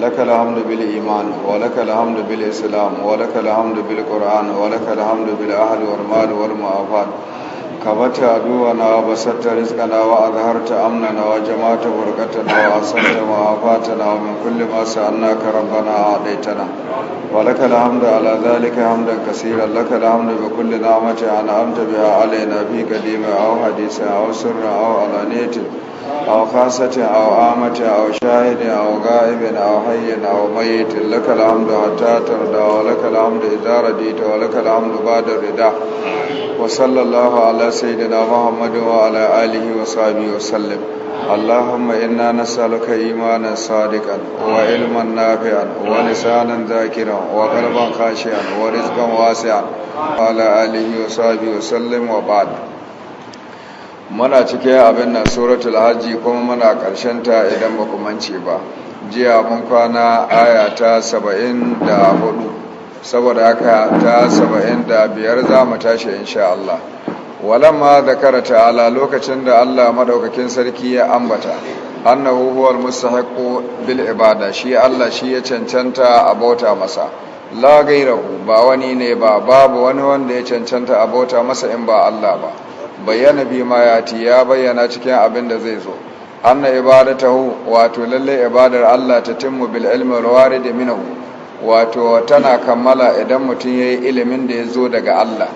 لك الحمد بالإيمان ولك الحمد بالإسلام ولك الحمد بالقرآن ولك الحمد بالأهل والمال والمعافات كبت عدونا وبسطت رزقنا وأظهرت أمننا وجمعت بركتنا وأحسنت معافاتنا ومن كل ما سألناك ربنا أعطيتنا ولك الحمد على ذلك حمدا كثيرا لك الحمد بكل نعمة أنعمت بها علينا في قديم أو حديث أو سر أو علانية أو خاصة أو آمة أو شاهد أو غائب أو حي أو ميت لك الحمد حتى ترضى ولك الحمد إذا رديت ولك الحمد بعد الرضا وصلى الله على سيدنا محمد وعلى آله وصحبه وسلم اللهم إنا نسألك إيمانا صادقا وعلما نافعا ولسانا ذاكرا وقلبا خاشعا ورزقا واسعا وعلى آله وصحبه وسلم وبعد muna cike abin nan suratul hajji kuma muna ta idan ba kumance ba jiya mun kwana aya ta saba'in saboda haka ta saba'in da biyar za mu tashi insha Allah walamma zakara ta'ala lokacin da Allah madaukakin sarki ya ambata annahu huwal mustahiqu bil ibada shi Allah shi ya cancanta a bauta masa la gairahu ba wani ne ba babu wani wanda ya cancanta a bauta masa in ba Allah ba bayyana bi ma ya ti ya bayyana cikin abin da zai zo anna ibadatahu wato lalle ibadar Allah ta timmu bil ilmi wal warid minhu wato tana kammala idan mutum yayi ilimin da ya daga Allah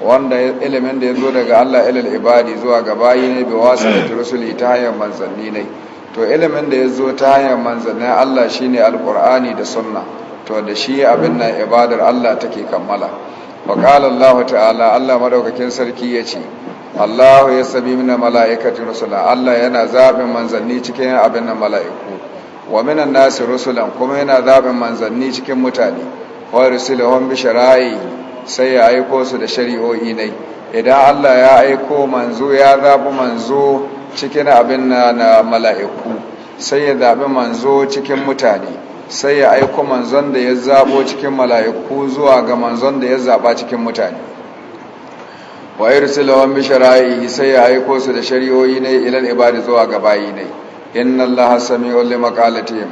wanda ilimin da yazo zo daga Allah ilal ibadi zuwa ga bayi ne bi wasu rusuli ta hanyar manzanni ne to ilimin da yazo ta hanyar manzanni Allah shine alqur'ani da sunna to da shi abin nan ibadar Allah take kammala wa qala Allah ta'ala Allah madaukakin sarki yace Allah ya sabi mina mala'ikatin rusula Allah yana zaɓin manzanni cikin abin na mala'iku wa minan nasi rusulan kuma yana zaɓin manzanni cikin mutane wa rusulahun bi shara'i sai ya aiko su da shari'o'i ne idan Allah ya aiko manzo ya zaɓi manzo cikin abin na mala'iku sai ya zaɓi manzo cikin mutane sai ya aiko manzon da ya zaɓo cikin mala'iku zuwa ga manzon da ya zaɓa cikin mutane wa irsilawan bishara'i sai ya aiko su da shari'o'i ne ilan ibadi zuwa ga bayi ne inna allaha sami'un limaqalatihim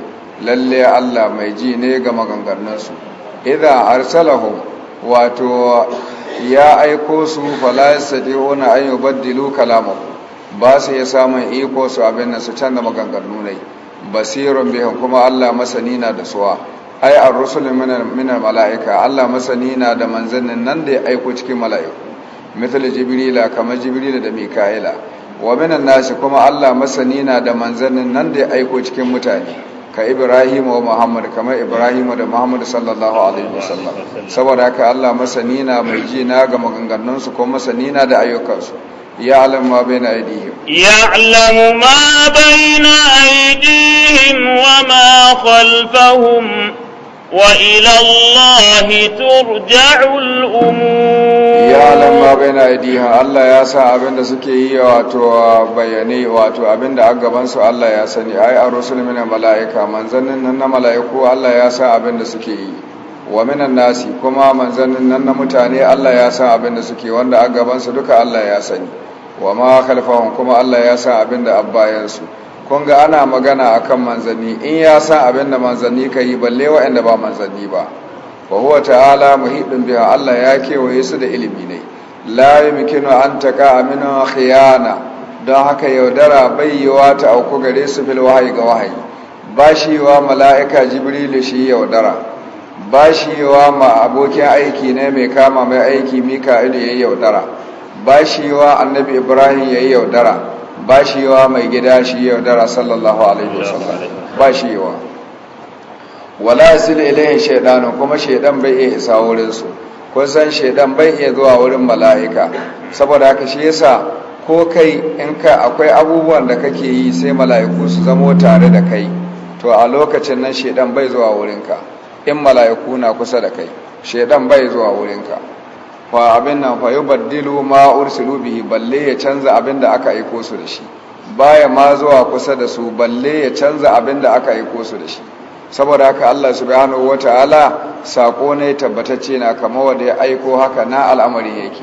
lalle allah mai ji ne ga maganganunsu idan arsalahu wato ya aiko su da yastati'una an yubaddilu kalamahu ba su ya samun iko su abin da su canza maganganu ne basirun bihin kuma allah masani na da suwa ai ar-rusul min malaika allah masani na da manzannin nan da ya aiko cikin mala'iku misali jibrila kamar jibrila da mika'ila wa minan nasi kuma allah masani na da manzannin nan da ya aiko cikin mutane ka ibrahim wa muhammad kamar ibrahim da muhammad sallallahu alaihi wasallam saboda haka allah masani na mai ji na ga maganganunsu kuma masani na da ayyukansu يعلم ما ya alam ma ما بين wa ma khalfahum وإلى الله ترجع الأمور يا لما بين أيديها الله يا سا أبن دسكي واتو بياني واتو أبن أقبان سو الله يا سني أي أرسل من الملائكة من زنن أن ملائكو الله يا سا أبن دسكي ومن الناس كما من زنن أن متاني الله يا سا أبن دسكي وان أقبان سو دوك الله يا سني وما خلفهم كما الله يا سا أبن أبايان سو kun ga ana magana akan manzanni in ya san abin da manzanni ka yi balle waɗanda ba manzanni ba wa huwa ta'ala muhiɗin biya Allah ya kewaye su da ilimi ne la mikinu an taqa aminu khiyana don haka yaudara bayyawa ta auku gare su fil wahayi ga wahayi wa mala'ika Jibrilu shi yaudara wa ma abokin aiki ne mai kama mai aiki mika ya yi yaudara bashiwa annabi ibrahim yayi yaudara ba shi yawa mai gida shi yaudara sallallahu alaihi wasallam ba shi yawa wala sil ilayhi shaytanu kuma shaydan bai iya isa wurin su kun san shaydan bai iya zuwa wurin mala'ika saboda haka shi yasa ko kai in ka akwai abubuwan da kake yi sai mala'iku su zamo tare da kai to a lokacin nan shaydan bai zuwa wurinka in mala'iku na kusa da kai shaydan bai zuwa wurinka fa abin nan fa baddilo ma ursulu bihi balle ya canza abin da aka aiko su da shi baya ma zuwa kusa da su balle ya canza abin da aka aiko su da shi saboda haka Allah subhanahu wataala sako ne tabbatacce na kamar wanda ya aiko haka na al'amari yake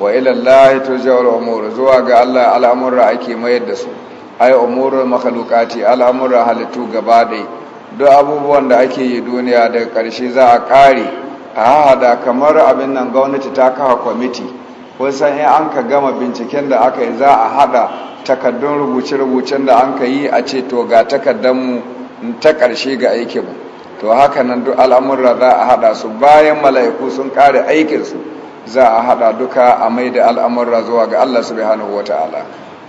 wa ila llahi tujawul umur zuwa ga Allah al'amura ake mayar da su ai umurul makhluqati al'amura halittu gaba dai duk abubuwan da ake yi duniya daga karshe za a kare. a da kamar abin nan gwamnati ta kawo kwamiti kusan in an ka gama binciken da aka yi za a hada takardun rubuce-rubucen da an ka yi a ce to ga takardunmu ta ƙarshe ga aikinmu to haka nan duk al'amurra za a hada su bayan mala'iku sun kare aikinsu za a hada duka a mai da al'amurra zuwa ga Allah subhanahu wa ta'ala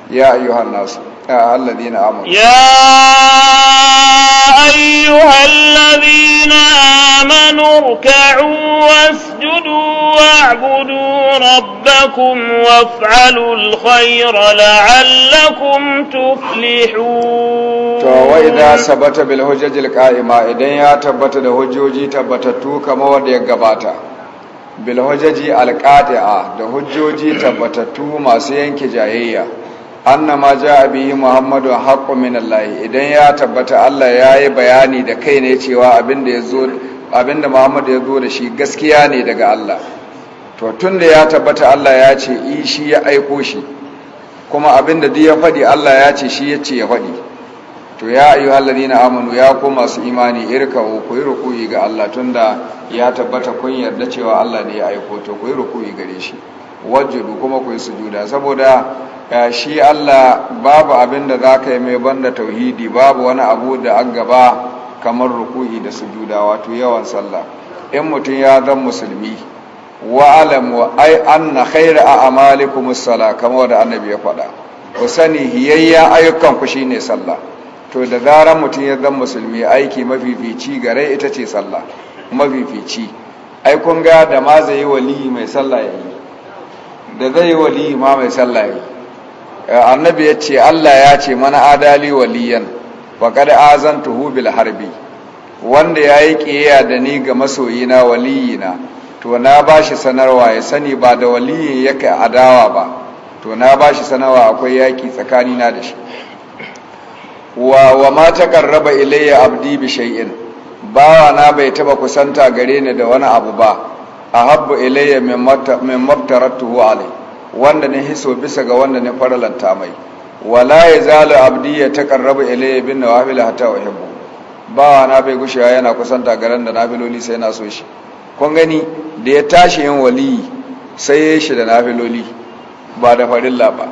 ya ayyuhan nasu الذين آمنوا يا أيها الذين آمنوا اركعوا واسجدوا واعبدوا ربكم وافعلوا الخير لعلكم تفلحون to wai sabata bil hujjajil qa'ima idan ya tabbata da hujjoji tabbatattu kamar wanda gabata bil hujjaji da hujjoji tabbatatu masu yanke jayayya anna ma ja'a muhammadu haqqu min allahi idan ya tabbata allah ya yi bayani da kai ne cewa abinda yazo abinda muhammadu zo da shi gaskiya ne daga allah to tunda ya tabbata allah ya ce i shi ya aiko shi kuma abinda duk ya faɗi allah ya ce shi ya ce ya faɗi to ya ayu na amanu ya ko masu imani irka ku yi rukuyi ga allah tunda ya tabbata kun yarda cewa allah ne ya aiko to ku yi rukuyi gare shi wajudu kuma ku yi sujuda saboda eh, shi Allah babu abin da za ka yi mai da tauhidi babu wani abu da an gaba kamar ruku'i da sujuda wato yawan sallah in mutum ya zan musulmi wa alamu ai anna khairu a amalikum sala kamar da annabi ya faɗa ku sani hiyayya ayyukan ku ne sallah to da zaran mutum ya zan musulmi aiki mafifici gare ita ce sallah mafifici ai kun ga da ma zai yi wali mai sallah ya yi. da zai yi waliyi ma mai sallah yi eh, annabi ya ce allah ya ce mana adali waliyan ba kada azan bil harbi wanda ya yi ƙiyayya da ni ga masoyina waliyina to na ba shi sanarwa ya sani ba da waliyin ya kai adawa ba to na ba shi sanarwa akwai yaƙi tsakanina da shi wa wa ma taƙarraba ilayya abdi bi shay'in bawa na bai taba kusanta gare ni da wani abu ba ahabbu ilayya min mabtaratuhu alai wanda ne hiso bisa ga wanda ne faralanta mai wala yazalu abdi ya taqarrabu ilayya bin nawafil hatta uhibbu bawa na bai gushewa yana kusanta garan da nafiloli sai na so shi kun gani da ya tashi yin waliyi sai ya shi da nafiloli ba da farilla ba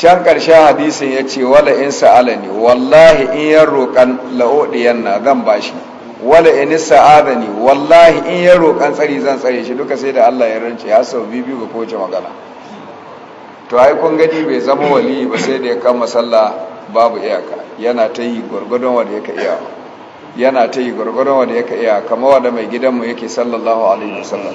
can karshen hadisin ya ce wala in sa'alani wallahi in yan roƙan la'odiyan na zan bashi wala in sa'adani wallahi in ya roƙan tsari zan tsare shi duka sai da Allah ya rance ya sau biyu ga kowace magana to ai kun gadi bai zama wali ba sai da ya kama sallah babu iyaka yana ta yi gwargwadon wanda yake iya yana ta yi gwargwadon wanda yake iya kama wanda mai gidanmu yake sallallahu alaihi wasallam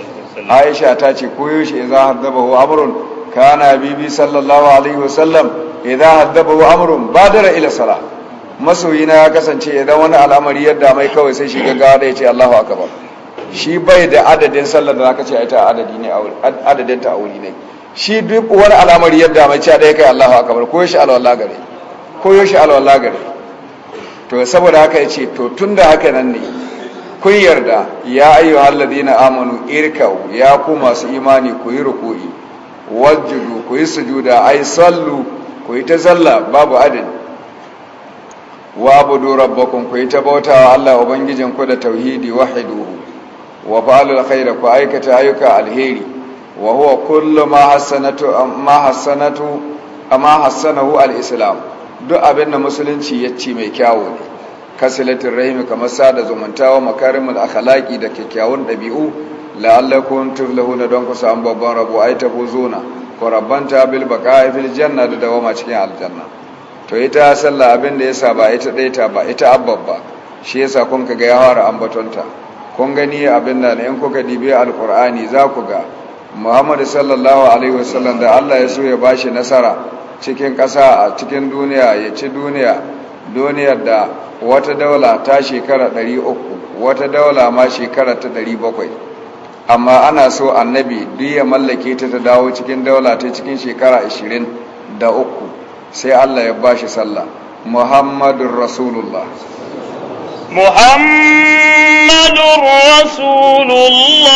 Aisha ta ce koyo shi idan haddabahu amrun kana bibi sallallahu alaihi wasallam idan haddabahu amrun badara ila salah masoyina ya kasance idan wani al'amari yadda mai kawai sai shi gaggawa da ya ce Allahu akbar shi bai da adadin sallar da zaka ce a adadi ne adadin ta auri ne shi duk wani al'amari yadda mai cewa daya kai Allahu akbar ko shi alwala gare ko shi alwala gare to saboda haka yace to tunda haka nan ne kun yarda ya ayyuhal ladina amanu irkau ya ku masu imani ku yi ruku'i wajjudu ku yi sujuda ai sallu ku yi ta zalla babu adadi wa budu rabbakum ku yi ta wa Allah ubangijin ku da tauhidi wahiduhu wa fa'alu khaira ku aikata ayyuka alheri wa huwa kullu ma hasanatu ma hasanatu amma hasanahu al-islam duk abin da musulunci ya ci mai kyawu ne kasilatin rahimi kamar sada zumuntawa wa makarimul akhlaqi da kyakkyawan dabi'u la'allakum tuflihuna don ku samu babban rabo ai tafuzuna ku rabbanta bil baqa'i fil janna da dawama cikin aljanna to ita salla abin da sa ba ita ɗaita, ba ita abban ba shi yasa kun ka ya fara ambatonta kun gani abin da in kuka dibe za ku ga Muhammadu sallallahu alaihi wasallam da Allah ya so ya ba shi nasara cikin ƙasa a cikin duniya ya ci duniya duniyar da wata daula ta shekara 300 wata daula ma shekara ta 700 amma ana so annabi duk ya mallake ta ta dawo cikin daula ta cikin shekara 20 da uku sai Allah ya bashi sallah muhammadun rasulullah muhammadun rasulullah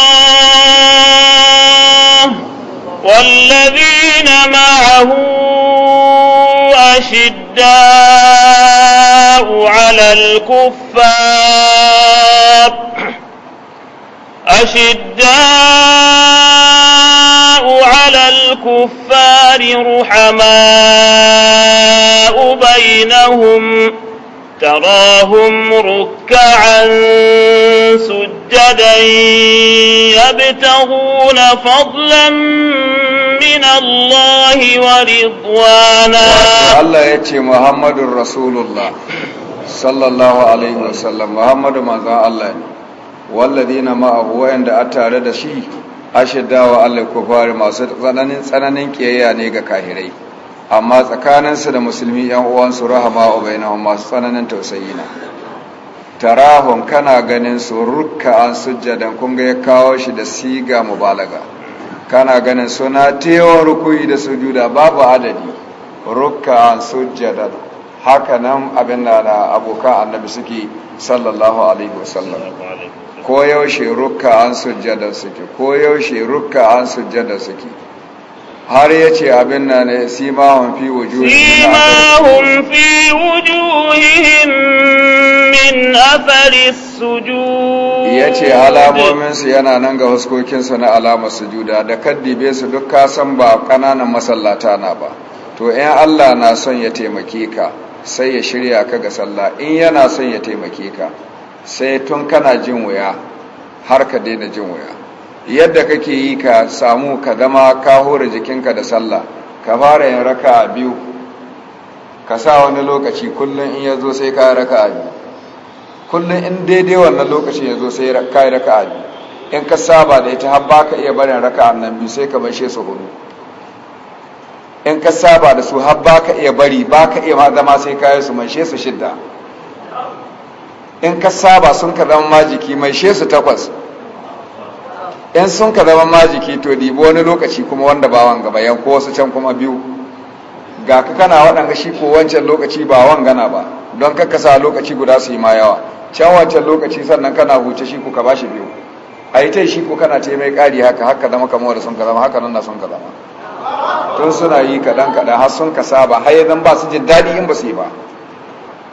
wallazina ma'ahu ashidda'u 'alal kuffar ashidda'u على الكفار رحماء بينهم تراهم ركعا سجدا يبتغون فضلا من الله ورضوانا الله يتي محمد رسول الله صلى الله عليه وسلم محمد ما الله والذين معه وعند أتى شيء wa Allah kufari masu tsananin tsananin kiyayya ne ga kahirai amma tsakaninsu da musulmi yan uwansu rahama ubainahum masu tsananin tausayi na tarahum kana ganin su rukka an sujjadan kun ga ya kawo shi da siga mubalaga kana ganin suna tewa rukuyi da sujuda babu adadi rukka an sujjadan haka nan abin da abokan annabi suke sallallahu alaihi wasallam ko yaushe rukka an sujjada suke ko rukka an sujjada suke har ya ce abin na ne simahun fi fi wujuhin min afari sujud ya ce alamominsu yana nan ga huskokinsu na alamar sujuda da kaddibe su duk kasan ba kananan masallata na ba to in Allah na son ya taimake ka sai ya shirya ka ga sallah in yana son ya taimake ka sai tun kana jin wuya har ka daina jin wuya yadda kake yi ka samu ka zama ka hore jikinka da sallah ka fara yin raka a biyu ka sa wani lokaci kullum in ya zo sai ka yi raka a biyu kullum in daidai wannan lokacin ya zo sai ka yi raka a biyu in ka saba da ita har baka iya barin raka a nan biyu sai ka bashe su hudu in ka saba da su har baka iya bari baka iya ma zama sai ka yi su manshe su shidda in ka saba sun ka zama majiki mai su takwas in sun ka zama majiki to dibi wani lokaci kuma wanda ba wanga ba ko wasu can kuma biyu ga ka kana waɗanda shi ko wancan lokaci ba wangana ba don ka kasa lokaci guda su yi ma yawa can wancan lokaci sannan kana huce shi ko ka shi biyu a yi ta yi shi ko kana ce mai ƙari haka haka zama kamar wanda sun ka zama haka nan na sun ka zama tun suna yi kaɗan kaɗan har sun ka saba har yanzu ba su jin daɗi in ba su yi ba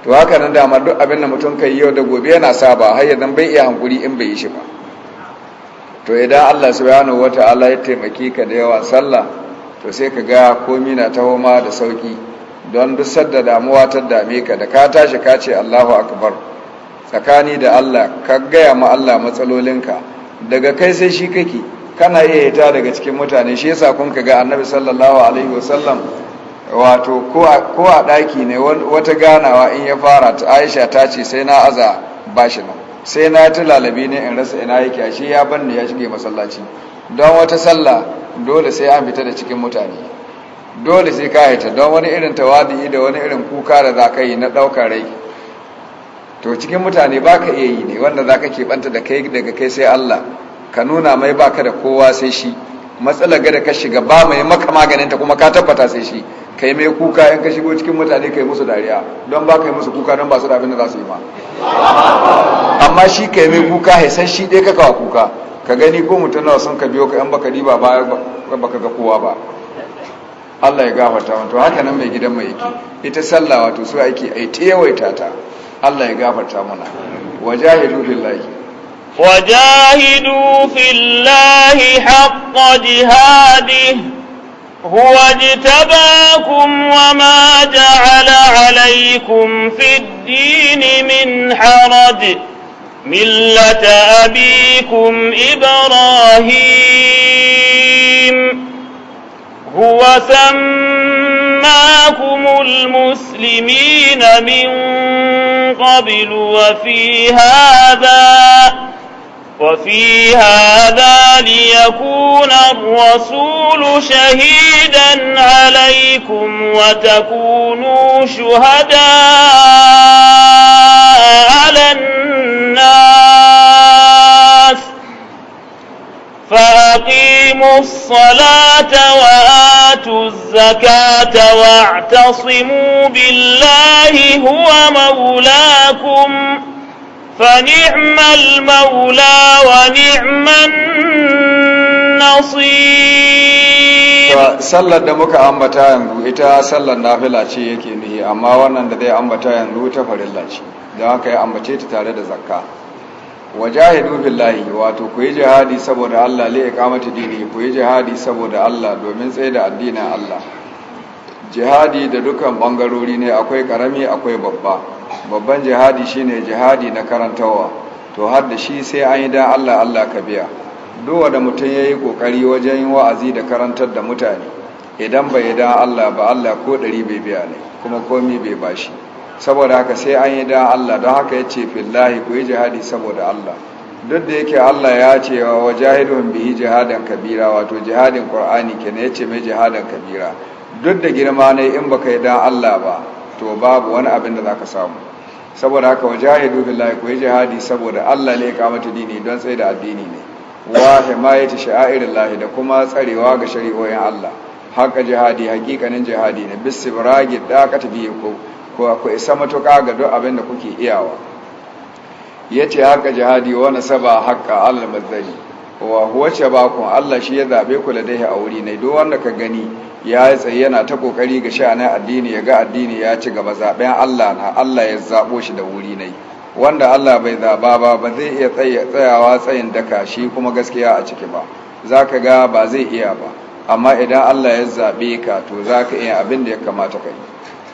to haka nan dama duk abin da mutum kai yau da gobe yana saba har yadda bai iya hankuri in bai yi shi ba to idan Allah subhanahu wata'ala ya taimake ka da yawa sallah to sai ka ga komi na taho ma da sauki don duk sadda damuwa ta dame ka da ka tashi ka ce Allahu akbar tsakani da Allah ka gaya ma Allah matsalolinka daga kai sai shi kake kana iya yita daga cikin mutane shi yasa kun ga annabi sallallahu alaihi wasallam wato ko a ɗaki ne wata ganawa in ya fara ta aisha ta ce sai na aza ba shi nan sai na ta lalabi ne in rasa ina yake ashe ya ban ne ya shige masallaci don wata sallah dole sai an fita da cikin mutane dole sai ka haita don wani irin tawadi da wani irin kuka da za ka yi na ɗaukar rai to cikin mutane ba ka iya yi ne wanda za ka keɓanta da kai daga kai sai allah ka nuna mai ba ka da kowa sai shi matsala ga da ka shiga ba mai maka maganinta kuma ka tabbata sai shi ka yi mai kuka in ka shigo cikin mutane ka yi musu dariya don ba ka yi musu kuka don ba su da abin da za su yi ma amma shi ka yi mai kuka ya san shi ɗaya ka kawo kuka ka gani ko mutum nawa sun ka biyo ka yan baka riba ba baka ga kowa ba Allah ya gafarta wato haka nan mai gidan mai yake ita sallah wato su ake ai ta ta Allah ya gafarta mana wajahidu lillahi وجاهدوا في الله حق جهاده هو اجتباكم وما جعل عليكم في الدين من حرج ملة أبيكم إبراهيم هو سماكم المسلمين من قبل وفي هذا وفي هذا ليكون الرسول شهيدا عليكم وتكونوا شهداء على الناس فأقيموا الصلاة وآتوا الزكاة واعتصموا بالله هو مولاكم فنعم المولى ونعم النصير sallar da muka ambata yanzu ita sallar nafila ce yake nihi amma wannan da zai ambata yanzu ta farilla ce don haka ambace ta tare da zakka wajahidu billahi wato ku jihadi saboda Allah li iqamati dini ku jihadi saboda Allah domin tsaye da addinin Allah jihadi da dukan bangarori ne akwai karami akwai babba babban jihadi shine jihadi na karantawa to har da shi sai an yi da Allah Allah ka biya duk da mutum yayi kokari wajen wa'azi da karantar da mutane idan bai da Allah ba Allah ko dari bai biya ne kuma komai bai bashi saboda haka sai an yi da Allah don haka yace fillahi ku yi jihadi saboda Allah duk da yake Allah ya ce wa wajahidun bihi jihadan kabira wato jihadin Qur'ani kenan yace mai jihadin kabira duk da girma ne in ba ka yi dan Allah ba to babu wani abin da za ka samu saboda haka wajahidu billahi ku yi jihadi saboda Allah ne ya mata dini don tsaye da addini ne wa himayati sha'airillahi da kuma tsarewa ga shari'o'in Allah haka jihadi hakikanin jihadi ne ragi, dakata biye ko ko ku isa matuƙa ga duk abin da kuke iyawa yace haka jihadi wani saba haka Allah mazzali wa huwa shabakum Allah shi ya zabe ku da dai a wuri ne duk wanda ka gani ya yi tsaye yana ta kokari ga sha'anin addini ya ga addini ya ci gaba zaben Allah na Allah ya zabo shi da wuri nai wanda Allah bai zaba ba ba zai iya tsayawa tsayin daka shi kuma gaskiya a ciki ba za ka ga ba zai iya ba amma idan Allah ya zabe ka to za ka iya abin da ya kamata kai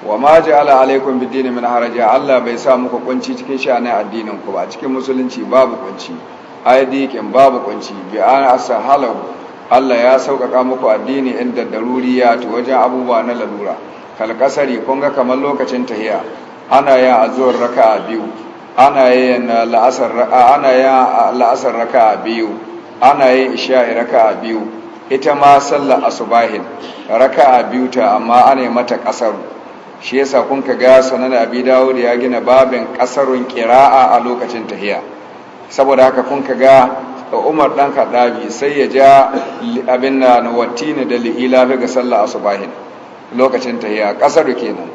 wa ma ja'ala alaikum bid-dini min haraja Allah bai sa muku kunci cikin sha'anin addinin ku ba cikin musulunci babu kunci aidikin babu kunci bi an asahalahu Allah ya sauƙaƙa muku addini inda daruriya ta wajen abubuwa na lalura kalkasari kun ga kamar lokacin tahiya ana yin azuwar raka'a biyu ana yin la'asar raka a biyu ana yin isha'i a biyu ita ma sallar asubahin raka'a biyu ta amma ana mata ƙasar. shi yasa kun ka ga sanar abi da ya gina babin ƙasar kira'a a lokacin tahiya saboda haka kun ka ga umar dan kadabi sai ya ja abin na ne da li'ila ga sallah asubahin lokacin tahiya kasar kenan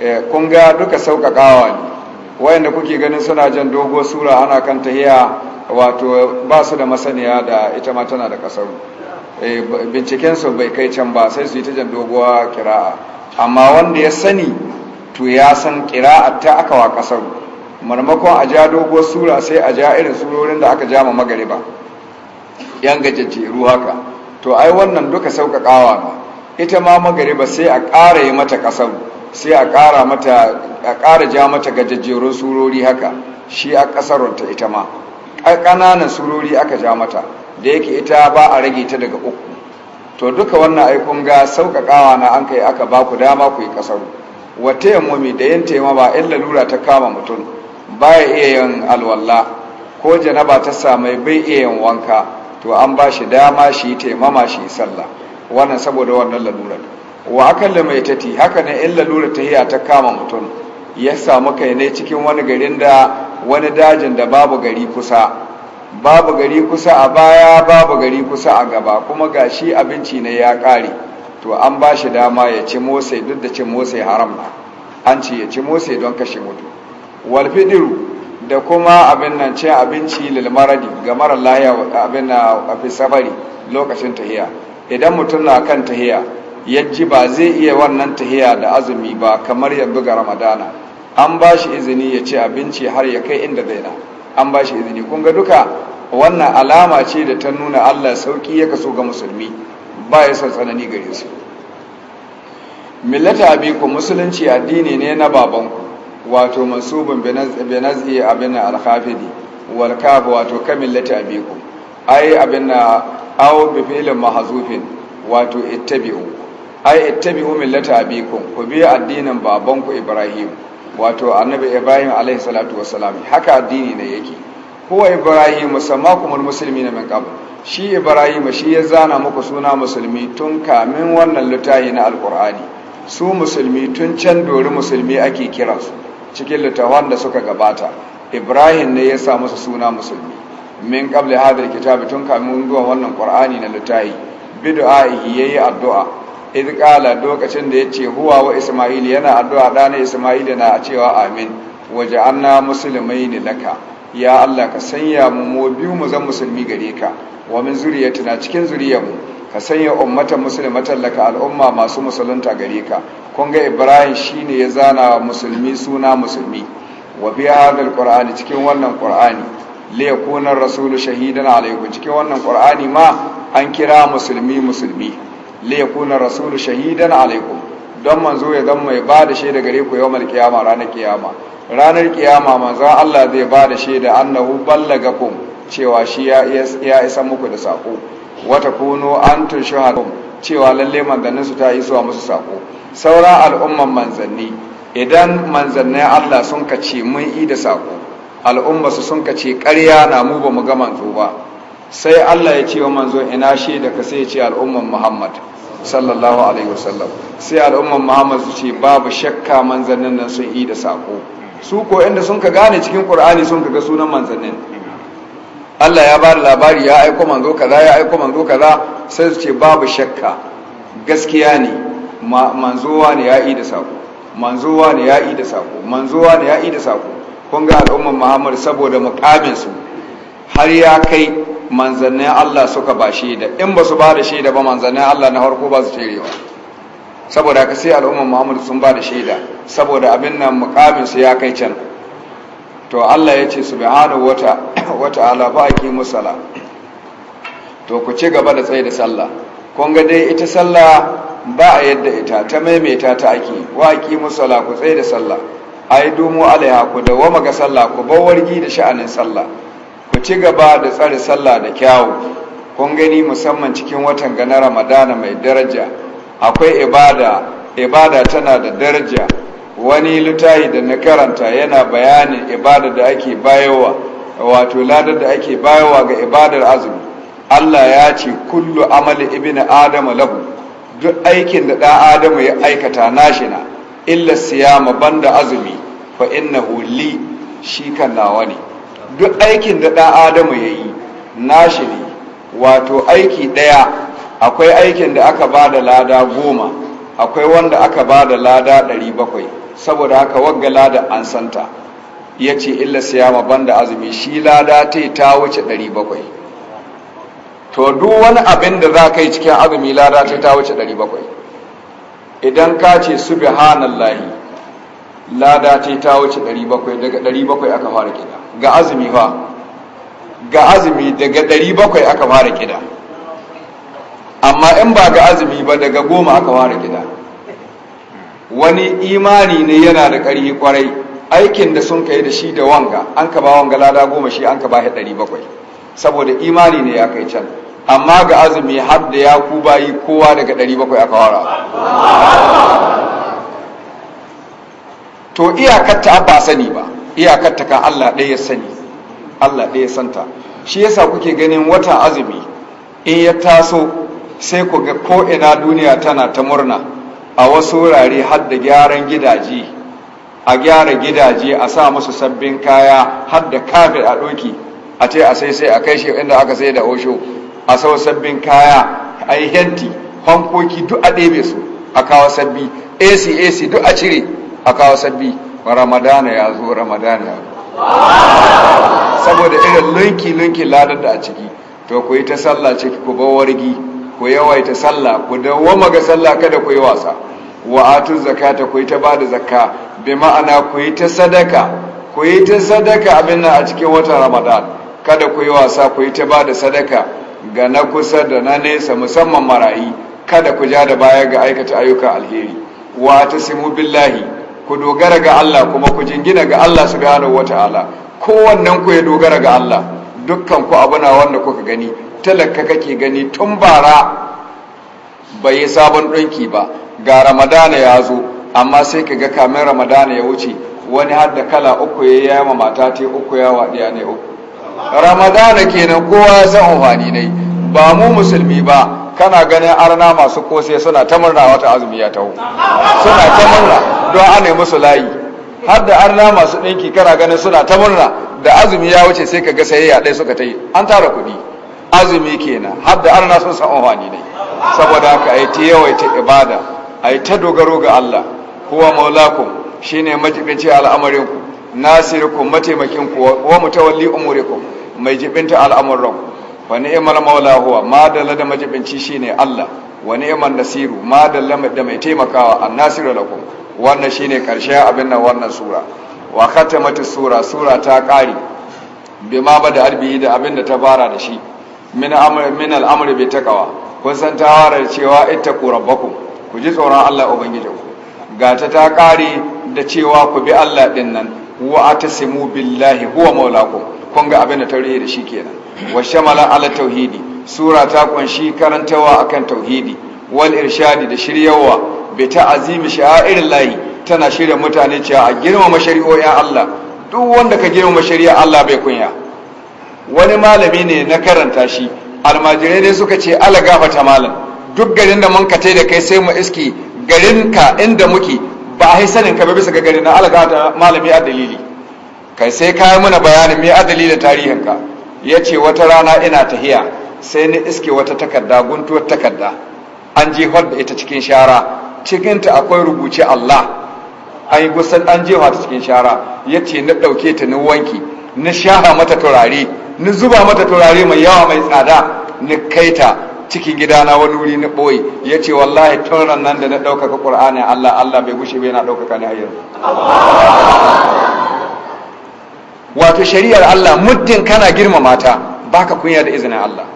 eh, kun ga duka sauƙaƙawa ne wayanda kuke ganin suna jan dogo sura ana kan tahiya wato ba su da masaniya da ita ma tana da eh, binciken bincikensu bai kai can ba sai su yi ta jan doguwa kira'a amma wanda ya sani to ya san kira'a ta aka wa kasaru marmakon a ja doguwar sura sai a ja irin surorin da aka ja ma ba yan gajejjeru haka to ai wannan duka sauƙaƙawa ba ita ma ba sai a ƙara yi mata ƙasar sai a ƙara mata a ƙara ja mata gajejjerun surori haka shi a ƙasarunta ita ma ƙananan surori aka ja mata da yake ita ba a rage ta daga uku to duka wannan aikun ga sauƙaƙawa na an kai aka ba ku dama ku yi ƙasaru wata yammumi da yin taimaba ba lura ta kama mutum Ba ya iya yin alwalla ko janaba ta samai bai iya yin wanka to an ba shi dama shi taimama shi sallah wannan saboda wannan lalurar wa akalla mai haka ne in lalura ta hiya ta kama mutum ya samu kai ne cikin wani garin da wani dajin da babu gari kusa babu gari kusa a baya babu gari kusa a gaba kuma ga shi abinci ne ya kare to an ba shi dama ya ci motsa duk da cin motsa haram na an ce ya ci motsa don kashe mutu Walfidiru da kuma abin nan ce abinci lil maradi ga mara lahiya abin na fi safari lokacin tahiya idan mutum na kan tahiya ya ji ba zai iya wannan tahiya da azumi ba kamar ya buga ramadana an ba shi izini ya ci abinci har ya kai inda zai na an ba shi izini kun ga duka wannan alama ce da ta nuna Allah sauki ya kaso ga musulmi ba ya san tsanani gare su millata abiku musulunci addini ne na babanku wato mansubun benazi naz'i abin al-khafidi wal kaf wato kamillati abikum ai abin na aw bi fi'lin mahzufin wato ittabi'u ai ittabi'u millata abikum ku bi addinin babanku Ibrahim wato annabi Ibrahim alaihi salatu wassalam haka addini ne yake huwa Ibrahim musulmi na min qabl shi Ibrahim shi ya zana muku suna musulmi tun kamin wannan littafi na alqur'ani su musulmi tun can dori musulmi ake kiransu cikin littafan da suka gabata ibrahim ne ya sa musu suna musulmi min kabla hadar kitabi tun kamin zuwa wannan qur'ani na littafi ya yi addu'a idh qala lokacin da yace huwa wa isma'il yana addu'a dana isma'il na cewa amin waja'alna muslimaini laka ya allah ka sanya mu mu biyu mu zan musulmi gare ka wa min zuriyatina cikin zuriyarmu ka sanya ummata Musulmi tallaka al'umma masu musulunta gare ka kun ga ibrahim shine ya zana wa musulmi suna musulmi wa bi hadal qur'ani cikin wannan qur'ani li yakuna rasulu shahidan al'aikun. cikin wannan qur'ani ma an kira musulmi musulmi li yakuna rasulu shahidan al'aikun. don manzo ya zama mai ba da shaida gare ku yawmal qiyama ranar kiyama ranar kiyama manzo Allah zai ba da shaida annahu ballagakum cewa shi ya isa muku da sako wata kuno an tushe cewa lalle su ta yi zuwa musu sako sauran al'umman manzanni idan manzannin allah sun kace mun yi da sako al'umma su sun kace ƙarya na mu ba mu ga manzo ba sai allah ya ce wa manzo ina shi da ka sai ya ce al'umman muhammad sallallahu alaihi wasallam sai al'umman muhammad su ce babu shakka manzannin nan sun yi da sako su ko inda sun ka gane cikin qur'ani sun ka ga sunan manzannin Allah ya bada labari ya aiko manzo kaza ya aiko manzo kaza sai su ce babu shakka gaskiya ne manzowa ne ya yi da sako manzowa ne ya yi da sako manzowa ne ya yi da sako kun ga al'ummar Muhammad saboda mukamin su har ya kai manzannin Allah suka ba shaida in ba su ba da shaida ba manzannin Allah na farko ba su cerewa saboda ka sai al'ummar Muhammad sun ba da shaida saboda abin nan mukamin su ya kai can to Allah ya ce wata ala ba ki musala to ku ci gaba da tsaye da sallah kun dai ita sallah ba a yadda ita ta maimaita ta ake wa ki musala ku tsaye da sallah yi domo alaiha ku dawama ga sallah ku bar wargi da sha'anin sallah ku ci gaba da tsare sallah da kyawu kun gani musamman cikin watan ga na ramadana mai daraja akwai ibada ibada tana da daraja wani littafi da na karanta yana bayanin ibada da ake bayowa wato ladar da ake bayowa ga ibadar azumi Allah ya ce kullu amali ibn adam lahu duk aikin da dan adam ya aikata nashi na illa siyama banda azumi fa innahu li shi kan nawa ne duk aikin da dan adam yi nashi ne wato aiki daya akwai aikin da aka bada lada goma akwai wanda aka bada lada 700. saboda haka wagga lada an santa ya ce illa siyama banda azumi shi lada ta ta wuce 700 to duk wani abin da za ka yi cikin azumi lada ta ta wuce 700 idan ka ce su subhanallahi lada yi ta wuce 700 daga 700 aka fara kida ga azumi fa ga azumi daga 700 aka fara kida amma in ba ga azumi ba daga goma aka fara kida wani imani ne yana da ƙarfi kwarai aikin da sun kai da shi da wanga an ka ba wanga lada goma shi an ka ba shi ɗari bakwai saboda imani ne ya kai can amma ga azumi har da ya ku bayi kowa daga ɗari bakwai aka wara to iyakar ta ba sani ba iyakar ta kan Allah ɗaya sani Allah ɗaya santa shi yasa kuke ganin watan azumi in ya taso sai ku ga ko ina duniya tana ta murna a wasu wurare har da gyaran gidaje a gyara gidaje a sa musu sabbin kaya har kafin a ɗoki a ce a sai sai a kai shi inda aka sai da osho a sau sabbin kaya a yi henti hankoki duk a ɗebe su a kawo sabbi ac ac duk a cire a kawo sabbi ramadana ya zo ramadana ya saboda irin lunki lunki ladar da a ciki to ku yi ta sallah ciki ku bar ku yawaita sallah ku dawwama ga sallah kada ku yi wasa wa atu zakata ku yi ta bada zakka bi ma'ana ku yi ta sadaka ku yi ta sadaka abin nan a cikin watan ramadan kada ku yi wasa ku yi ta bada sadaka ga na kusa da na nesa musamman marayi kada ku ja da baya ga aikata ayyukan alheri wa simu billahi ku dogara ga Allah kuma ku jingina ga Allah subhanahu wataala wannan ku ya dogara ga Allah dukkan ku abuna wanda kuka gani talaka kake gani tun bara bai yi sabon ɗinki ba ga ramadana ya zo amma sai ka ga kamin ramadana ya wuce wani har da kala uku ya yi ma mata te uku ya waɗiya ne uku ramadana kenan kowa ya san amfani ne ba mu musulmi ba kana ganin arna masu kose suna ta murna wata azumi ya taho suna ta murna don an nemi musu layi har da arna masu ɗinki kana ganin suna ta murna da azumi ya wuce sai ka ga sayayya ɗaya suka ta yi an tara kuɗi azumi kenan har da arna sun san amfani ne saboda haka ai ta yawaita ibada a yi ta dogaro ga Allah Kowa maulakum shine majibinci al'amarin ku nasirukum mataimakin ku wa mutawalli umurikum mai jibinta al'amuran ku wa ni'mal maula huwa ma dalla da majibinci shine Allah wa ni'mal nasiru ma dalla da mai taimakawa annasiru lakum wannan shine karshe abin nan wannan sura wa khatamatu sura sura ta kare bima bada albi da abin da ta fara da shi min amr bai al'amri bi taqwa kun san ta fara cewa ittaqu rabbakum ku ji tsoron Allah ku gata ta kare da cewa ku bi Allah din nan wa atasimu billahi huwa maulakum kun ga abin da ta da shi kenan wa shamala ala tauhidi sura ta kunshi karantawa akan tauhidi wal irshadi da shiryawa bi ta'azimi layi, tana shirya mutane cewa a girmama shari'o'in Allah duk wanda ka girmama shari'a Allah bai kunya wani malami ne na karanta shi almajirai ne suka ce ala gafata malam duk garin da mun kace da kai sai mu iski garin ka inda muke ba a sanin ka ba bisa ga garin na alaga da malami a dalili kai sai kai mana bayanin me a dalilin tarihin ka yace wata rana ina tahiya sai ni iske wata takarda guntuwar takarda an je da ita cikin shara cikinta akwai rubuce Allah an gusan an jefa ta cikin shara yace ce na ɗauke ta ni wanki Ni shaha mata turare ni zuba mata turare mai yawa mai tsada ni kai ta cikin gidana wani wuri na boye ya ce wallahi tun nan da na ɗaukaka ƙur'ani Allah Allah bai gushe bai na ɗaukaka ne yau. wato shari'ar Allah muddin kana girmama ta baka kunya da izinin Allah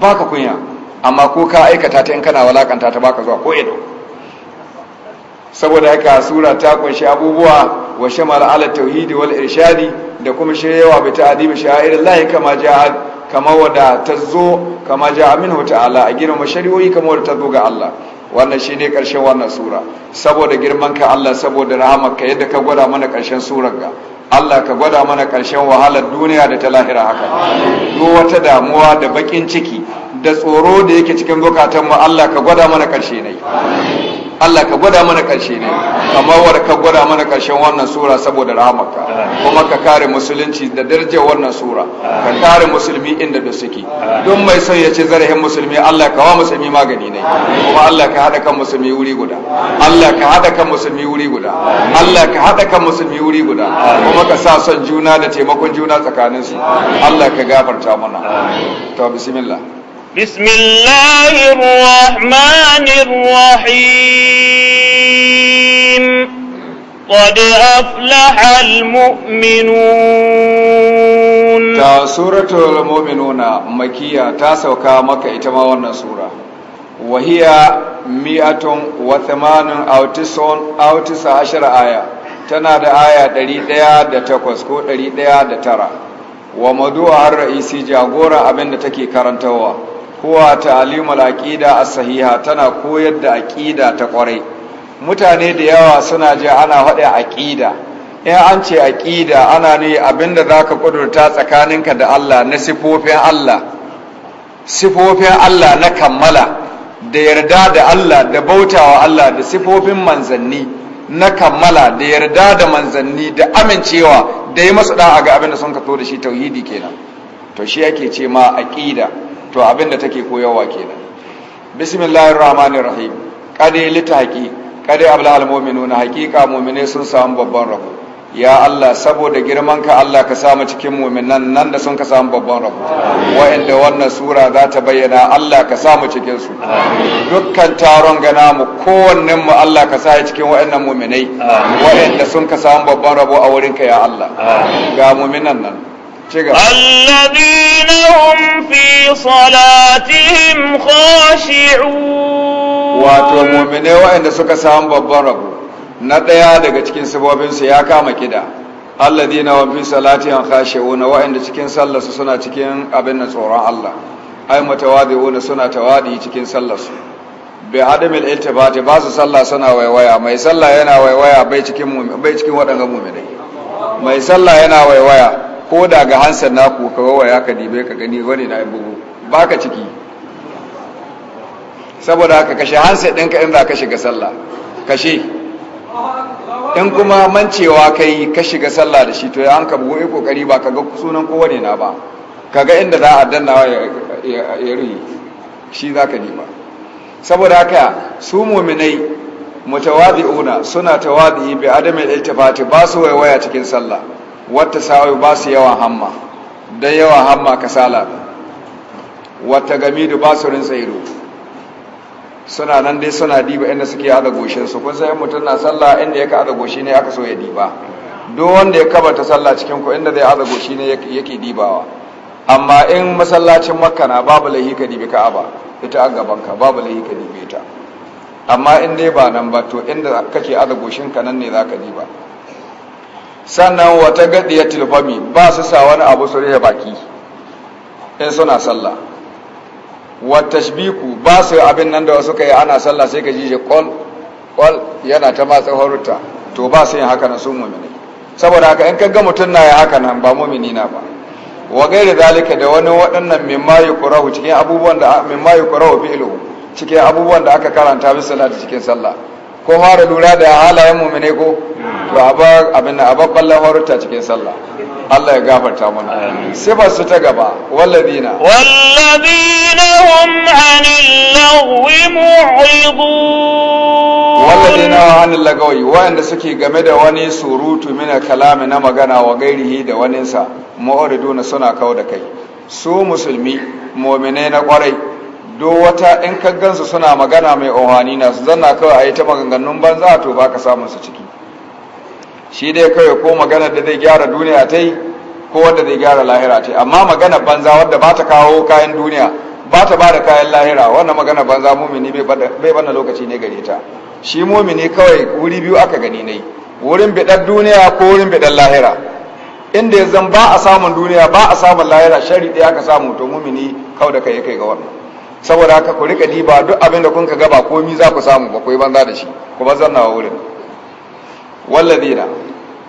baka kunya amma ko ka aikata ta in kana walakanta ta baka zuwa ko ina saboda haka sura ta kunshi abubuwa wa shamal ala tauhidi wal irshadi da kuma shiryawa bi ta'dibi sha'irillahi kama ja'a Kama wadda ta zo kama ja aminu ta'ala a girma shari'o'i kama wadda ta zo ga Allah wannan shi ne ƙarshen wannan sura saboda girman ka Allah saboda ka yadda ka gwada mana ƙarshen surar ga Allah ka gwada mana ƙarshen wahalar duniya da ta lahira haka duk wata damuwa da baƙin ciki da tsoro da yake cikin zukatan mu Allah ka gwada mana ƙarshe ne Allah ka gwada mana ƙarshe ne kamar wadda ka gwada mana ƙarshen wannan sura saboda rahamaka kuma ka kare musulunci da darje wannan sura ka kare musulmi inda da suke duk mai son ya ce zarafin musulmi Allah ka wa musulmi magani ne kuma Allah ka haɗa kan musulmi wuri guda Allah ka haɗa kan musulmi wuri guda Allah ka haɗa kan musulmi wuri guda kuma ka sa son juna da taimakon juna tsakaninsu Allah ka gafarta mana to bismillah بسم الله الرحمن الرحيم قد أفلح المؤمنون تا سورة المؤمنون مكية تاسوكا مكة إتما سورة وهي مئة وثمان أو تسعون أو تسع عشر آية تنا دا آية tana da aya 108 ko 109 wa maduwa har ra'isi jagora abinda take karantawa Kowa ta ta'limul aqida a sahiha tana koyar da aƙida ta kwarai mutane da yawa suna je ana haɗa aƙida. in an ce aƙida ana ne abinda zaka kudurta tsakaninka da Allah na sifofin Allah sifofin Allah na kammala da yarda da Allah da bautawa Allah da sifofin manzanni na kammala da yarda da manzanni da amincewa da yi masu da'a ga abinda sun ka to da shi tauhidi kenan to shi yake ce ma aqida to abinda take koyarwa kenan bismillahir rahmanir rahim kade litaqi kade abla al mu'minuna haqiqa mu'mine sun samu babban rabo ya Allah saboda girman ka Allah ka samu cikin mu'minan nan da sun ka samu babban rabo wa'anda wannan sura za ta bayyana Allah ka samu cikin su dukkan taron gana mu kowannen mu Allah ka sa cikin wa'annan mu'minai wa'anda sun ka samu babban rabo a wurin ka ya Allah ga mu'minan nan الذين هم في صلاتهم خاشعون wato mu'mine waɗanda suka samu babban rabo na ɗaya daga cikin sabobinsu ya kama kida alladina hum fi salatihim khashi'un waɗanda cikin sallarsu suna cikin abin na tsoron Allah ai mutawadi'una suna tawadi cikin sallarsu bi adamil iltibati ba su sallah suna waiwaya mai sallah yana waiwaya bai cikin bai cikin waɗannan mu'minai mai sallah yana waiwaya ko da ga hansar naku ka wawaya ka dibe ka gani wani na bugu ba ka ciki saboda haka kashe hansar ɗinka in za ka shiga sallah kashe in kuma mancewa kai ka shiga sallah da shi to ya an ka bugu kokari ba ka ga sunan kowane na ba ka ga inda za a wa ya ruyi shi za ka nema saboda ka su muminai mutawadi'una suna tawadi'i bi adamin iltifati ba su waiwaya cikin sallah wata sa'o'i ba su yawan hamma don yawan hamma kasala wata da ba su rinsa ido suna nan dai suna diba inda suke ada goshinsu kun sayan mutum na sallah inda ya ka ada goshi ne aka so ya diba Don wanda ya kabata sallah cikin ku inda zai ada goshi ne yake dibawa amma in masallacin makka na babu lahi ka dibi aba ita a gaban ka babu lahi ka dibi ta amma in dai ba nan ba to inda kake ada goshin ka nan ne ka diba sannan wata ya tilfami ba su sa wani abu su rufe baki in suna sallah wata shibiku ba su abin nan da wasu kai ana sallah sai ka ji shi kwal kwal yana ta matsa horuta to ba su yin haka na sun mumini saboda haka in kaga mutum na ya haka nan ba mumini na ba wa da zalika da wani waɗannan mimma yuqrahu cikin abubuwan da cikin abubuwan da aka karanta bisa da cikin sallah ko ma da lura da halayen ne ko to a abin da kallon cikin sallah Allah ya gafarta mana sifar su ta gaba walladina walladina hum anil lagwi mu'ridun walladina hum anil lagwi suke game da wani surutu mina kalami na magana wa gairihi da waninsa mu'riduna suna kawo da kai su musulmi mu'mine na kwarai do wata in ka gansu suna magana mai ohani na su zanna kawai a yi ta maganganun banza to ba ka samun su ciki shi dai kawai ko magana da zai gyara duniya ta yi ko wanda zai gyara lahira ta yi amma magana banza wadda ba ta kawo kayan duniya ba ta ba da kayan lahira wannan magana banza mumini bai bana lokaci ne gare ta shi mumini kawai wuri biyu aka gani ne wurin bidan duniya ko wurin bidan lahira inda ya zan ba a samun duniya ba a samun lahira shari ɗaya aka samu to mumini kawai da kai kai ga wannan saboda haka ku rika diba duk abin da kun ka gaba komi za ku samu ba ku banza da shi ku bazan nawa wurin walladina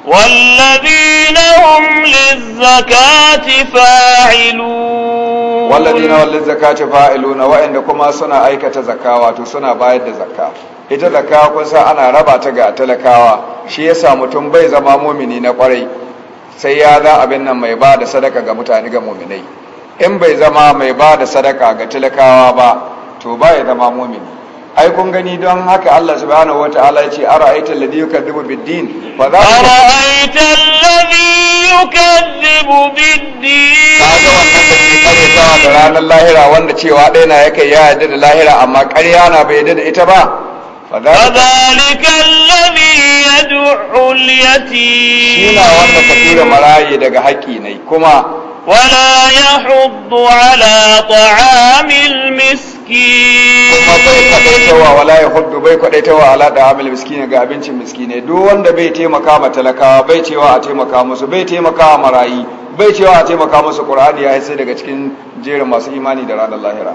walladina hum lizzakati fa'ilun walladina hum lizzakati fa'ilun wa'anda kuma suna aikata zakka wato suna bayar da zakka ita zakka kun sa ana raba ta ga talakawa shi yasa mutum bai zama mumini na kwarai sai ya za abin nan mai ba da sadaka ga mutane ga muminai in bai zama mai ba da sadaka ga talakawa ba to ba ya zama mumini ai kun gani don haka Allah subhanahu wataala ya ce ara'aita alladhi yukadhibu bid-din fa za ara'aita alladhi yukadhibu bid-din kaga wannan da kare ta da ranar lahira wanda cewa dai na yake ya yarda da lahira amma ƙarya na bai yarda da ita ba فذلك الذي يدعو اليتيم شينا wanda ka tura maraye daga haƙi ne kuma ولا يحض على طعام المسكين kuma bai wala ya bai ga abincin miskine duk wanda bai ma talakawa bai cewa a taimaka musu bai taimaka marayi bai cewa a taimaka musu ya sai daga cikin jerin masu imani da ranar lahira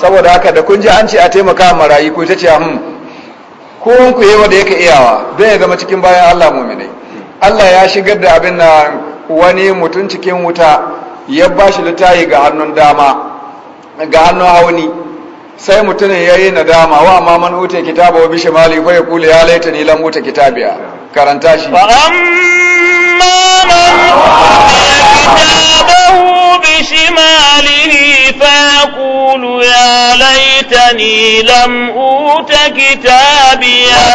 saboda haka da kun ji an ce a taimaka marayi ko ta ce hmm ko ku yi wanda yake iyawa zai ya zama cikin bayan Allah mu'minai Allah ya shigar da abin nan wani mutum cikin wuta ya ba shi littayi ga hannun dama ga hannun hauni sai mutumin ya yi nadama wa ma man kitaba wa bishi mali ko ya kula ya laita ni lan huta kitabiya karanta shi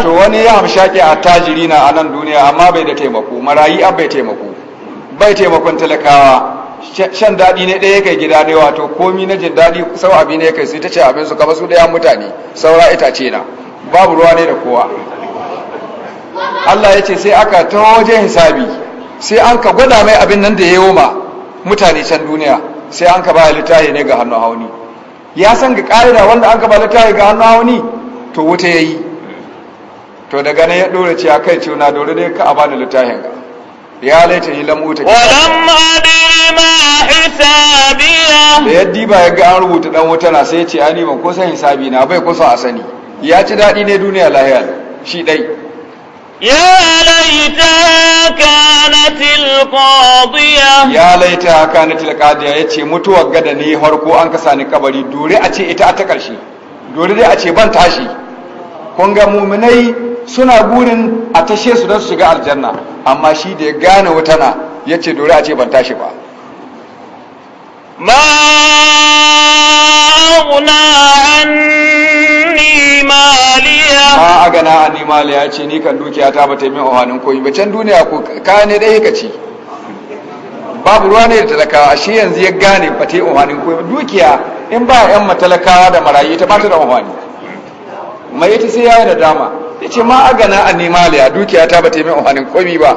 to wani ya hamshaki a tajiri na nan duniya amma bai da taimako marayi abai bai taimako bai taimakon talakawa shan daɗi ne ɗaya kai gida ne wato komi na jin daɗi sau abi ne kai sai ta ce abin su kama su ɗaya mutane saura itace na babu ruwa ne da kowa Allah ya ce sai aka ta wajen hisabi sai an ka gwada mai abin nan da ya yi mutane can duniya sai an ka ba littafi ne ga hannun hauni ya san ga ƙa'ida wanda an ka ba littafi ga hannun hauni to wuta ya yi to daga nan ya ɗora ce a kai ce na dore dai ka a bani littafin ga ya laita ni lamu ta ma hisabiya da yaddi diba ya ga an rubuta dan wuta na sai ya ce ani ban kusa hisabi na bai kusa a sani ya ci dadi ne duniya lahiya shi dai ya laita kanatil qadiya ya laita kanatil qadiya ce mutuwar gada ne harko an kasa ni kabari dore a ce ita ta karshe dore dai a ce ban tashi kun ga muminai suna burin a tashe su don su shiga aljanna amma shi da ya gane wuta na ya ce dole a ce ban tashi ba ma a gana maliya ma agana anni ce ni kan dukiya ta bata min ohanin koyi ba can duniya ko kaya ne dai ka ci babu ruwa ne da a ashe yanzu ya gane bata yi ohanin koyi dukiya in ba yan matalaka da marayu ta ta da ohani mai ita sai ya yi da dama yace ma agana an liya dukiya ta bata yi min amfanin komi ba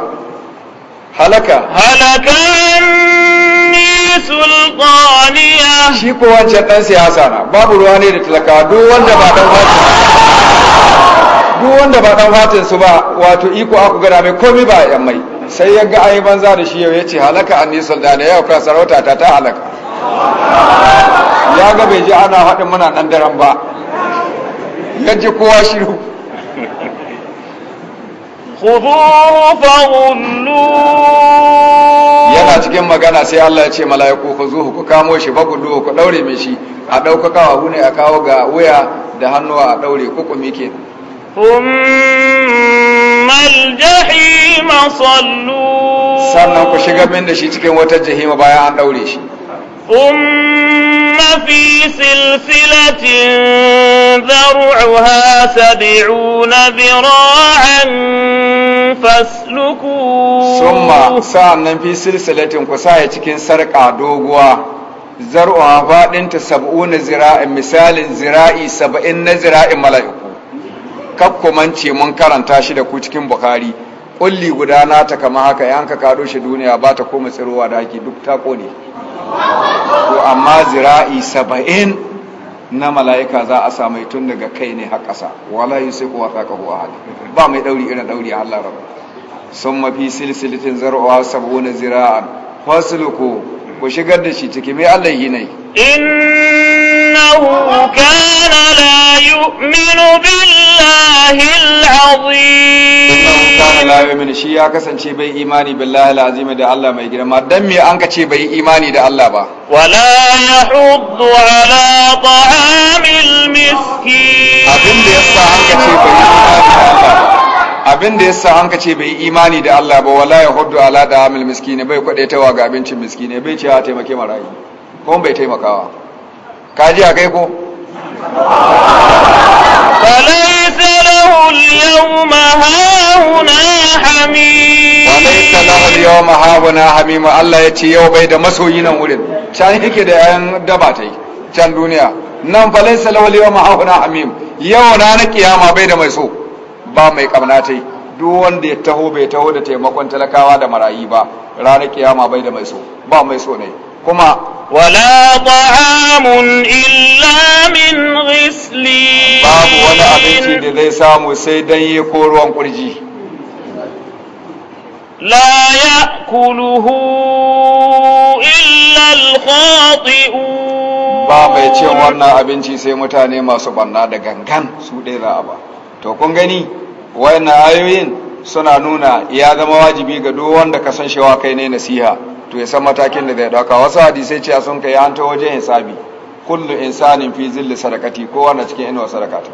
halaka halaka ni sulqaniya shi ko wancan dan siyasa na babu ruwa ne da talaka duk wanda ba dan wata duk wanda ba dan fatin su ba wato iko aku gada mai komi ba yan mai sai ya ga ayi banza da shi yau ya ce halaka an ni sulqaniya yau ka sarauta ta ta halaka ya ga bai ji ana haɗin muna ɗan daren ba ya ji kowa shiru خذوه فغلوه yana cikin magana sai Allah ya ce mala'iku ku zuhu ku kamo shi ba ku duhu ku daure mai shi a daukakawa hune a kawo ga wuya da hannuwa a daure ku kuma sallu sannan ku shiga min da shi cikin wata jahima bayan an daure shi ثم في سلسلة ذرعها سبعون ذراعا فاسلكوه ثم سأنا في سلسلة قصاية cikin sarƙa doguwa zar'uha faɗinta sab'una zira'in misalin zira'i saba'in na zira'in mala'iku kakkumance mun karanta shi da ku cikin bukari kulli guda nata kama haka yan ka kado shi duniya ba ta koma tsirowa da haki duk ta kone to amma zira'i saba'in na mala'ika za a samu tun daga kai ne har ƙasa wala yusiku ka thaqahu ahad ba mai ɗauri irin ɗauri Allah halarar. Sun mafi silsilitin zar'uha saboda zira'an fasluku ku shigar da shi ciki mai Allah yi nai innahu kana la yu'minu billahi al-azim innahu kana la yu'minu shi ya kasance bai imani billahi al-azim da Allah mai girma dan me an kace bai imani da Allah ba wala yahuddu ala ta'amil miskin abin da yasa an kace bai imani da Allah ba abin da yasa an kace bai imani da Allah ba wala ya hudu ala da amil miskini bai kwadaitawa ga abincin miskini bai cewa taimake marayi ko bai taimakawa ka ji akai ko فليس له اليوم هاهنا حميم فليس له اليوم هاهنا حميم الله يتي يو da masoyi nan wurin can yake da yan daba tai can duniya nan falaisa lahu al yawma hamim yau na na kiyama bai da mai so ba mai yi duk wanda ya taho bai taho da taimakon talakawa da marayi ba rana kiyama bai da mai so ba mai so ne kuma wala ta'amun illa min ghisli babu wani abinci da zai samu sai yi ko ruwan kurji ya'kuluhu illa al-khati'u ba mai cin wannan abinci sai mutane masu banna da gangan su ɗaya za a ba to kun gani wayannan ayoyin suna nuna ya zama wajibi ga duk wanda ka san shewa kai ne nasiha to ya san matakin da zai dauka wasu hadisai cewa sun kai an ta wajen hisabi kullu insanin fi zilli sadakati ko wanda cikin inuwa sadakata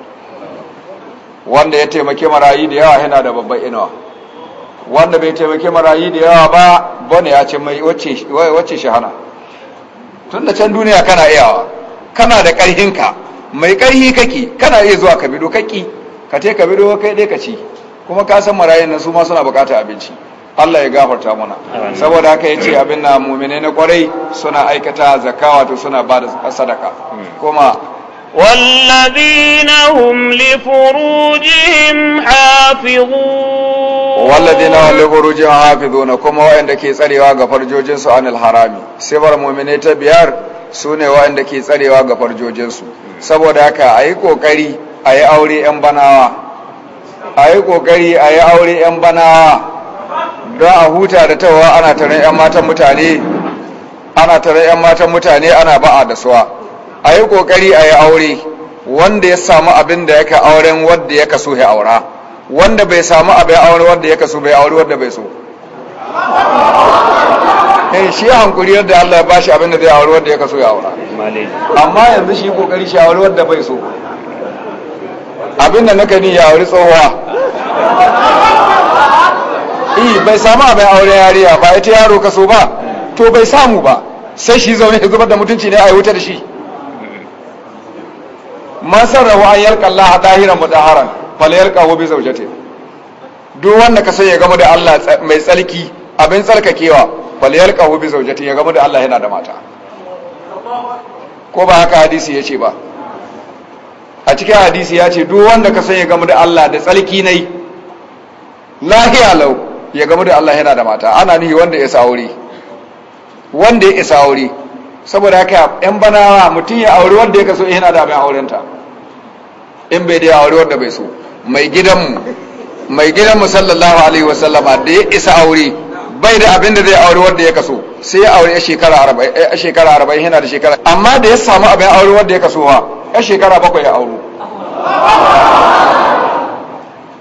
wanda ya taimake marayi da yawa yana da babban inuwa wanda bai taimake marayi da yawa ba bane ya ce mai wacce shahana tun da can duniya kana iyawa kana da ka, mai karhi kake kana iya zuwa ka bi dokaki ka te ka bido kai dai ka ci kuma ka san marayin nan su ma suna bukata abinci Allah ya gafarta mana saboda haka yace abin na mu'mine na kwarai suna aikata zakka wato suna ba da sadaka hmm. kuma والذين هم لفروجهم حافظون والذين هم لفروجهم حافظون كما وعند كي تسريوا غفر جوجنسو عن الحرام سبر ta biyar sune ne wa'anda ke tsarewa ga farjojinsu hmm. saboda haka a yi ƙoƙari a yi aure 'yan banawa a yi ƙoƙari a yi aure 'yan banawa don a huta da tawa ana taron 'yan matan mutane ana taron 'yan matan mutane ana ba'a da suwa a yi ƙoƙari a yi aure wanda ya samu abin da yake auren wadda ya kaso ya aura wanda bai samu abin aure wadda ya kaso bai aure wadda bai so eh shi hankuri yadda Allah ya bashi abin da zai aure wadda ya kaso ya aura amma yanzu shi kokari shi aure wadda bai so abin da naka ni ya wuri tsohuwa eh bai samu abin aure yariya ba ita yaro kaso ba to bai samu ba sai shi zaune ya zubar da mutunci ne a yi wuta da shi masar sarrafa an yarka Allah dahiran haram, fala yarka wa bi zawjati duk wanda ka sai ya gama da Allah mai tsarki abin tsarkakewa fala yarka wa bi zawjati ya gama da Allah yana da mata ko ba haka hadisi ya ce ba a cikin hadisi ya ce duk wanda ka san ya gamu da Allah da tsarki nai lahiya lau ya gamu da Allah yana da mata ana nihi wanda ya sa aure wanda ya isa aure saboda haka yan banawa mutum ya aure wanda ya kaso yana da abin aurenta in bai da aure wanda bai so mai gidanmu mai sallallahu alaihi wasallama da ya isa aure bai da abin da zai aure wanda ya kaso sai ya aure shekara a shekara arba'in yana da shekara amma da ya samu abin aure wanda ya kaso ha ya shekara bakwai ya auro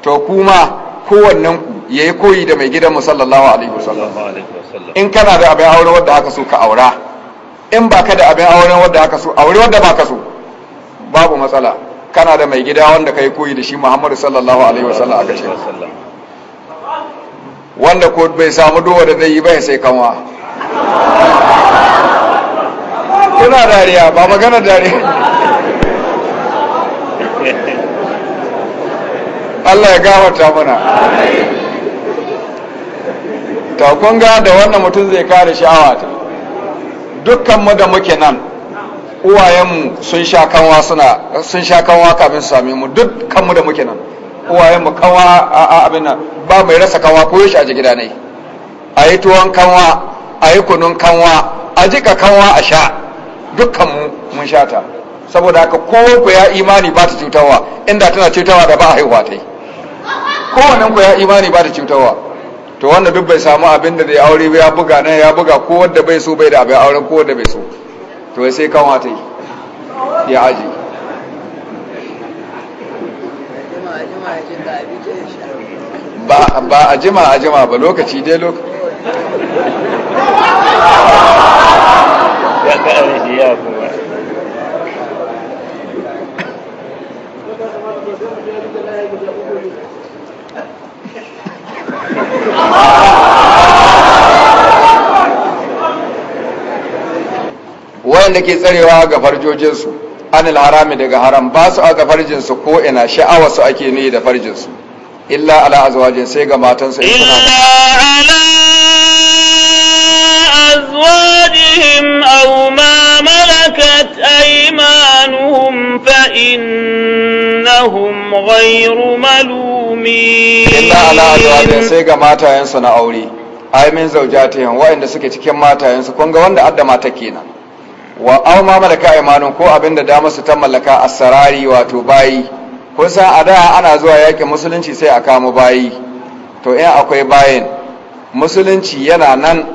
to kuma kowannen ku yayi koyi da mai gidan musallallahu sallallahu alaihi wasallam in kana da abin aure wanda aka so ka aura in baka da abin aure wanda aka so aure wanda baka so babu matsala kana da mai gida wanda kai koyi da shi Muhammadu sallallahu alaihi wasallam aka shi wanda ko bai samu dowa da zai yi ba sai kanwa kuna dariya ba magana dariya Allah ya gafarta mana ta kunga da wannan mutum zai kare sha'awa ta dukkanmu da muke nan uwayenmu sun sha kanwa kafin su same mu dukkanmu da muke nan uwaye mu kanwa a abin nan ba mai rasa kanwa ko yashi a ji gida nai a yi tuwon kanwa a yi kunun kanwa a jika kanwa a sha dukkan mu mun sha ta saboda haka ko ku ya imani ba ta cutarwa inda tana cutarwa da ba a haihuwa ta yi wannan ku ya imani ba ta cutarwa to wanda duk bai samu abin da zai aure ba ya buga nan ya buga ko wanda bai so bai da abin auren ko wanda bai so to sai kanwa ta yi ya aji ba a jima a jima ba lokaci dai lokaci wanda ke tsarewa ga farjojinsu anil harami daga haram ba su aka farjin su ko ina sha'awa su ake ne da farjin su illa ala azwajin sai ga matan matansu illa ala azwajihim aw ma malakat aymanuhum fa innahum ghayru malumi illa ala azwajin sai ga su na aure ai min zaujatihim waɗanda suke cikin matayensu kun ga wanda adda mata kenan wa aw ma malaka imanun ko abin da su ta mallaka asarari wato bayi kun san a da ana zuwa yakin musulunci sai a kama bayi to in akwai bayin musulunci yana nan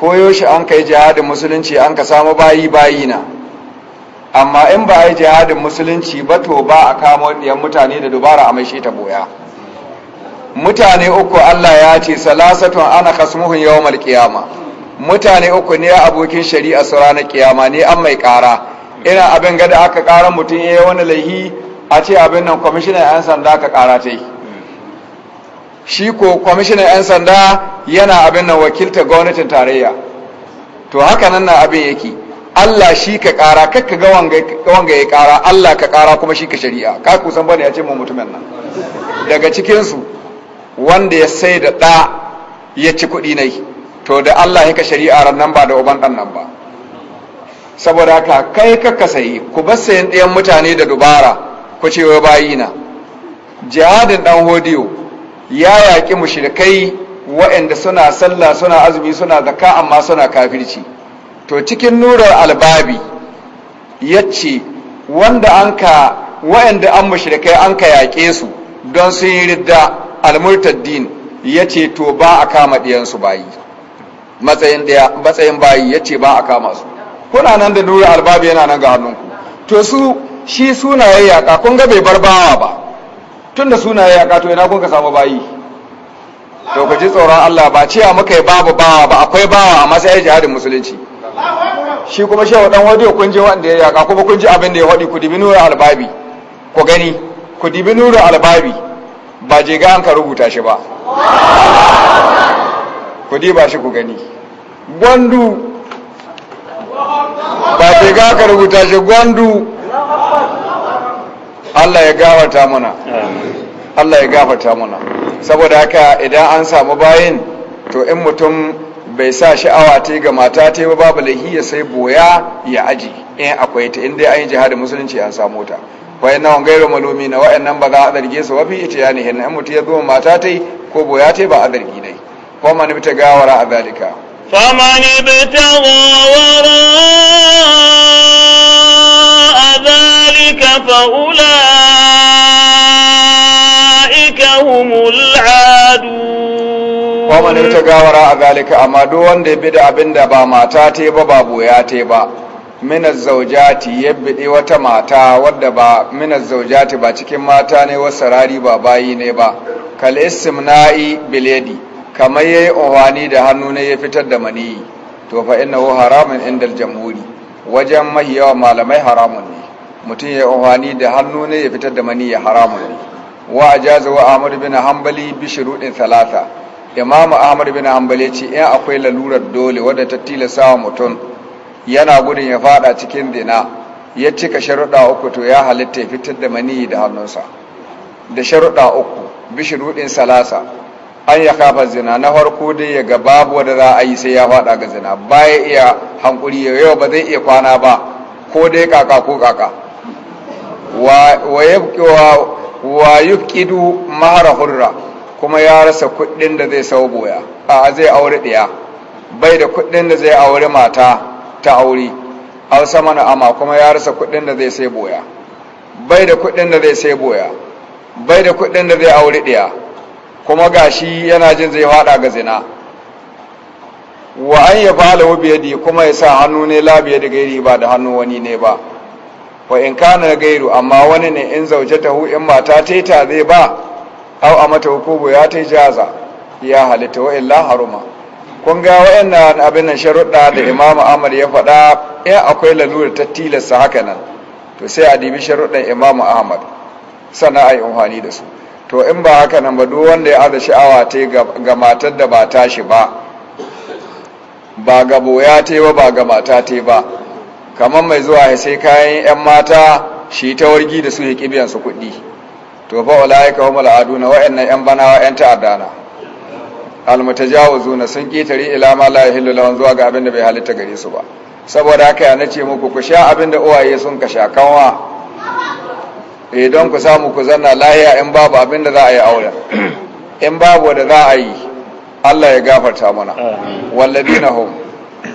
koyo shi an kai jihadin musulunci an ka samu bayi bayi na amma in ba a yi jihadin musulunci ba to ba a kama ɗiyan mutane da dubara a mai shi ta boya mutane uku Allah ya ce salasatun ana kasmuhun yawmal qiyamah mutane uku ne abokin shari'a su ranar kiyama ne an mai kara ina abin gada aka kara mutum ya yi wani laihi a ce abin nan kwamishinan 'yan sanda ka kara ta yi shi ko kwamishinan 'yan sanda yana abin nan wakilta gwamnatin tarayya to haka nan na abin yake Allah shi ka kara kakka ga wanga ya kara Allah ka kara kuma shi ka shari'a ka kusan bane ya ce mu mutumin nan daga cikinsu wanda ya sai da ɗa ya ci kuɗi na yi to da Allah ya ka shari'a ran ba da uban ɗan nan ba saboda haka kai ka ka sayi ku bar sayan ɗayan mutane da dubara ku ce wa bayina jihadin ɗan hodiyo ya yaƙi mushrikai waɗanda suna sallah suna azumi suna zakka amma suna kafirci to cikin nurar albabi yace wanda an ka waɗanda an mushrikai an ka yaƙe su don sun yi ridda almurtaddin ce to ba a kama ɗiyansu bayi matsayin daya matsayin bayi ce ba a kama su kuna nan da nura albabi yana nan ga hannunku to su shi sunaye yaka kun ga bai bar bawa ba tunda sunaye yaka to ina kun ka samu bayi to ku ji tsoron Allah ba cewa muka yi babu bawa ba akwai bawa a matsayin jihadin musulunci shi kuma shehu dan wadi kun je wanda ya yaka kuma kun ji abin da ya wadi ku dibi nura albabi ku gani ku dibi nura albabi ba je ga an ka rubuta shi ba ku diba shi ku gani gwandu ba ta ga ka rubuta shi gwandu Allah ya gafata mana Allah ya gafata mana saboda haka idan an samu bayin to in mutum bai sa sha'awa ta ga mata ta ba babu lahiya sai boya ya aji in akwai ta inda an yi jihadin musulunci an samu ta wayan wangai da malumi na nan ba za a zarge su wafi ita ya ne hin mutum ya zo mata ta yi, ko boya ta yi ba a zargi dai kuma ni ta gawara a zalika فمن ابتغى وراء ذلك فأولئك هم العادون ومن ابتغى وراء ذلك أما دون دي da بند با ماتاتي بابا ta با min zaujati ya biɗi wata mata wadda ba min zaujati ba cikin mata ne wasu rari ba bayi ne ba kal istimna'i biledi kamar yayi ohani da hannu ne ya fitar da maniyi to fa innahu haramun indal jamhuri wajen mahi yawa malamai haramun ne mutum ya ohani da hannu ne ya fitar da maniyi haramun ne wa ajaza wa ahmad bin hanbali bi shurudin salasa, imamu ahmad bin hanbali ce in akwai lalurar dole wadda ta tilasa wa mutum yana gudun ya fada cikin dina ya cika sharuɗa uku to ya halitta ya fitar da maniyi da hannunsa da sharuɗa uku bi shurudin salasa an ya kafa zina na farko dai ya ga babu wanda za a yi sai ya faɗa ga zina ba ya iya hankuri ya yau ba zai iya kwana ba ko dai kaka ko kaka wa kidu mahara hurra kuma ya rasa kuɗin da zai sau boya a zai aure ɗaya bai da kuɗin da zai aure mata ta aure al sama na ama kuma ya rasa kuɗin da zai sai boya bai da kuɗin da zai sai boya bai da kuɗin da zai aure ɗaya kuma gashi yana jin zai fada ga zina wa an ya fala wa biyadi kuma ya sa hannu ne la da gairi ba da hannu wani ne ba wa in kana gairu amma wani ne in ta hu in mata taita zai ba au a mata hukubu ya ta jaza ya halitta wa illa haruma kun ga wayannan abin nan sharuɗa da Imam Ahmad ya faɗa in akwai lalura ta tilasta haka nan to sai a dibi sharuɗan Imam Ahmad sannan a yi amfani da su to in ba haka nan ba duk wanda ya ada sha'awa ta ga matar da ba ta shi ba ba ga boya ta ba ba ga mata ta ba kamar mai zuwa sai kayan 'yan mata shi ta wargi da su ya ƙibiyan su kuɗi to fa walaye ka homo la'aduna wa'annan 'yan banawa 'yan ta'adana almutajawazu na sun ƙetare ilama la yahillu lahum zuwa ga abin da bai halitta gare su ba saboda haka ya nace muku ku sha abin da uwaye sun ka sha kanwa Eh, don ku samu ku zanna lahiya in babu abinda za a yi aure in babu da za a yi Allah ya gafarta mana walladina hum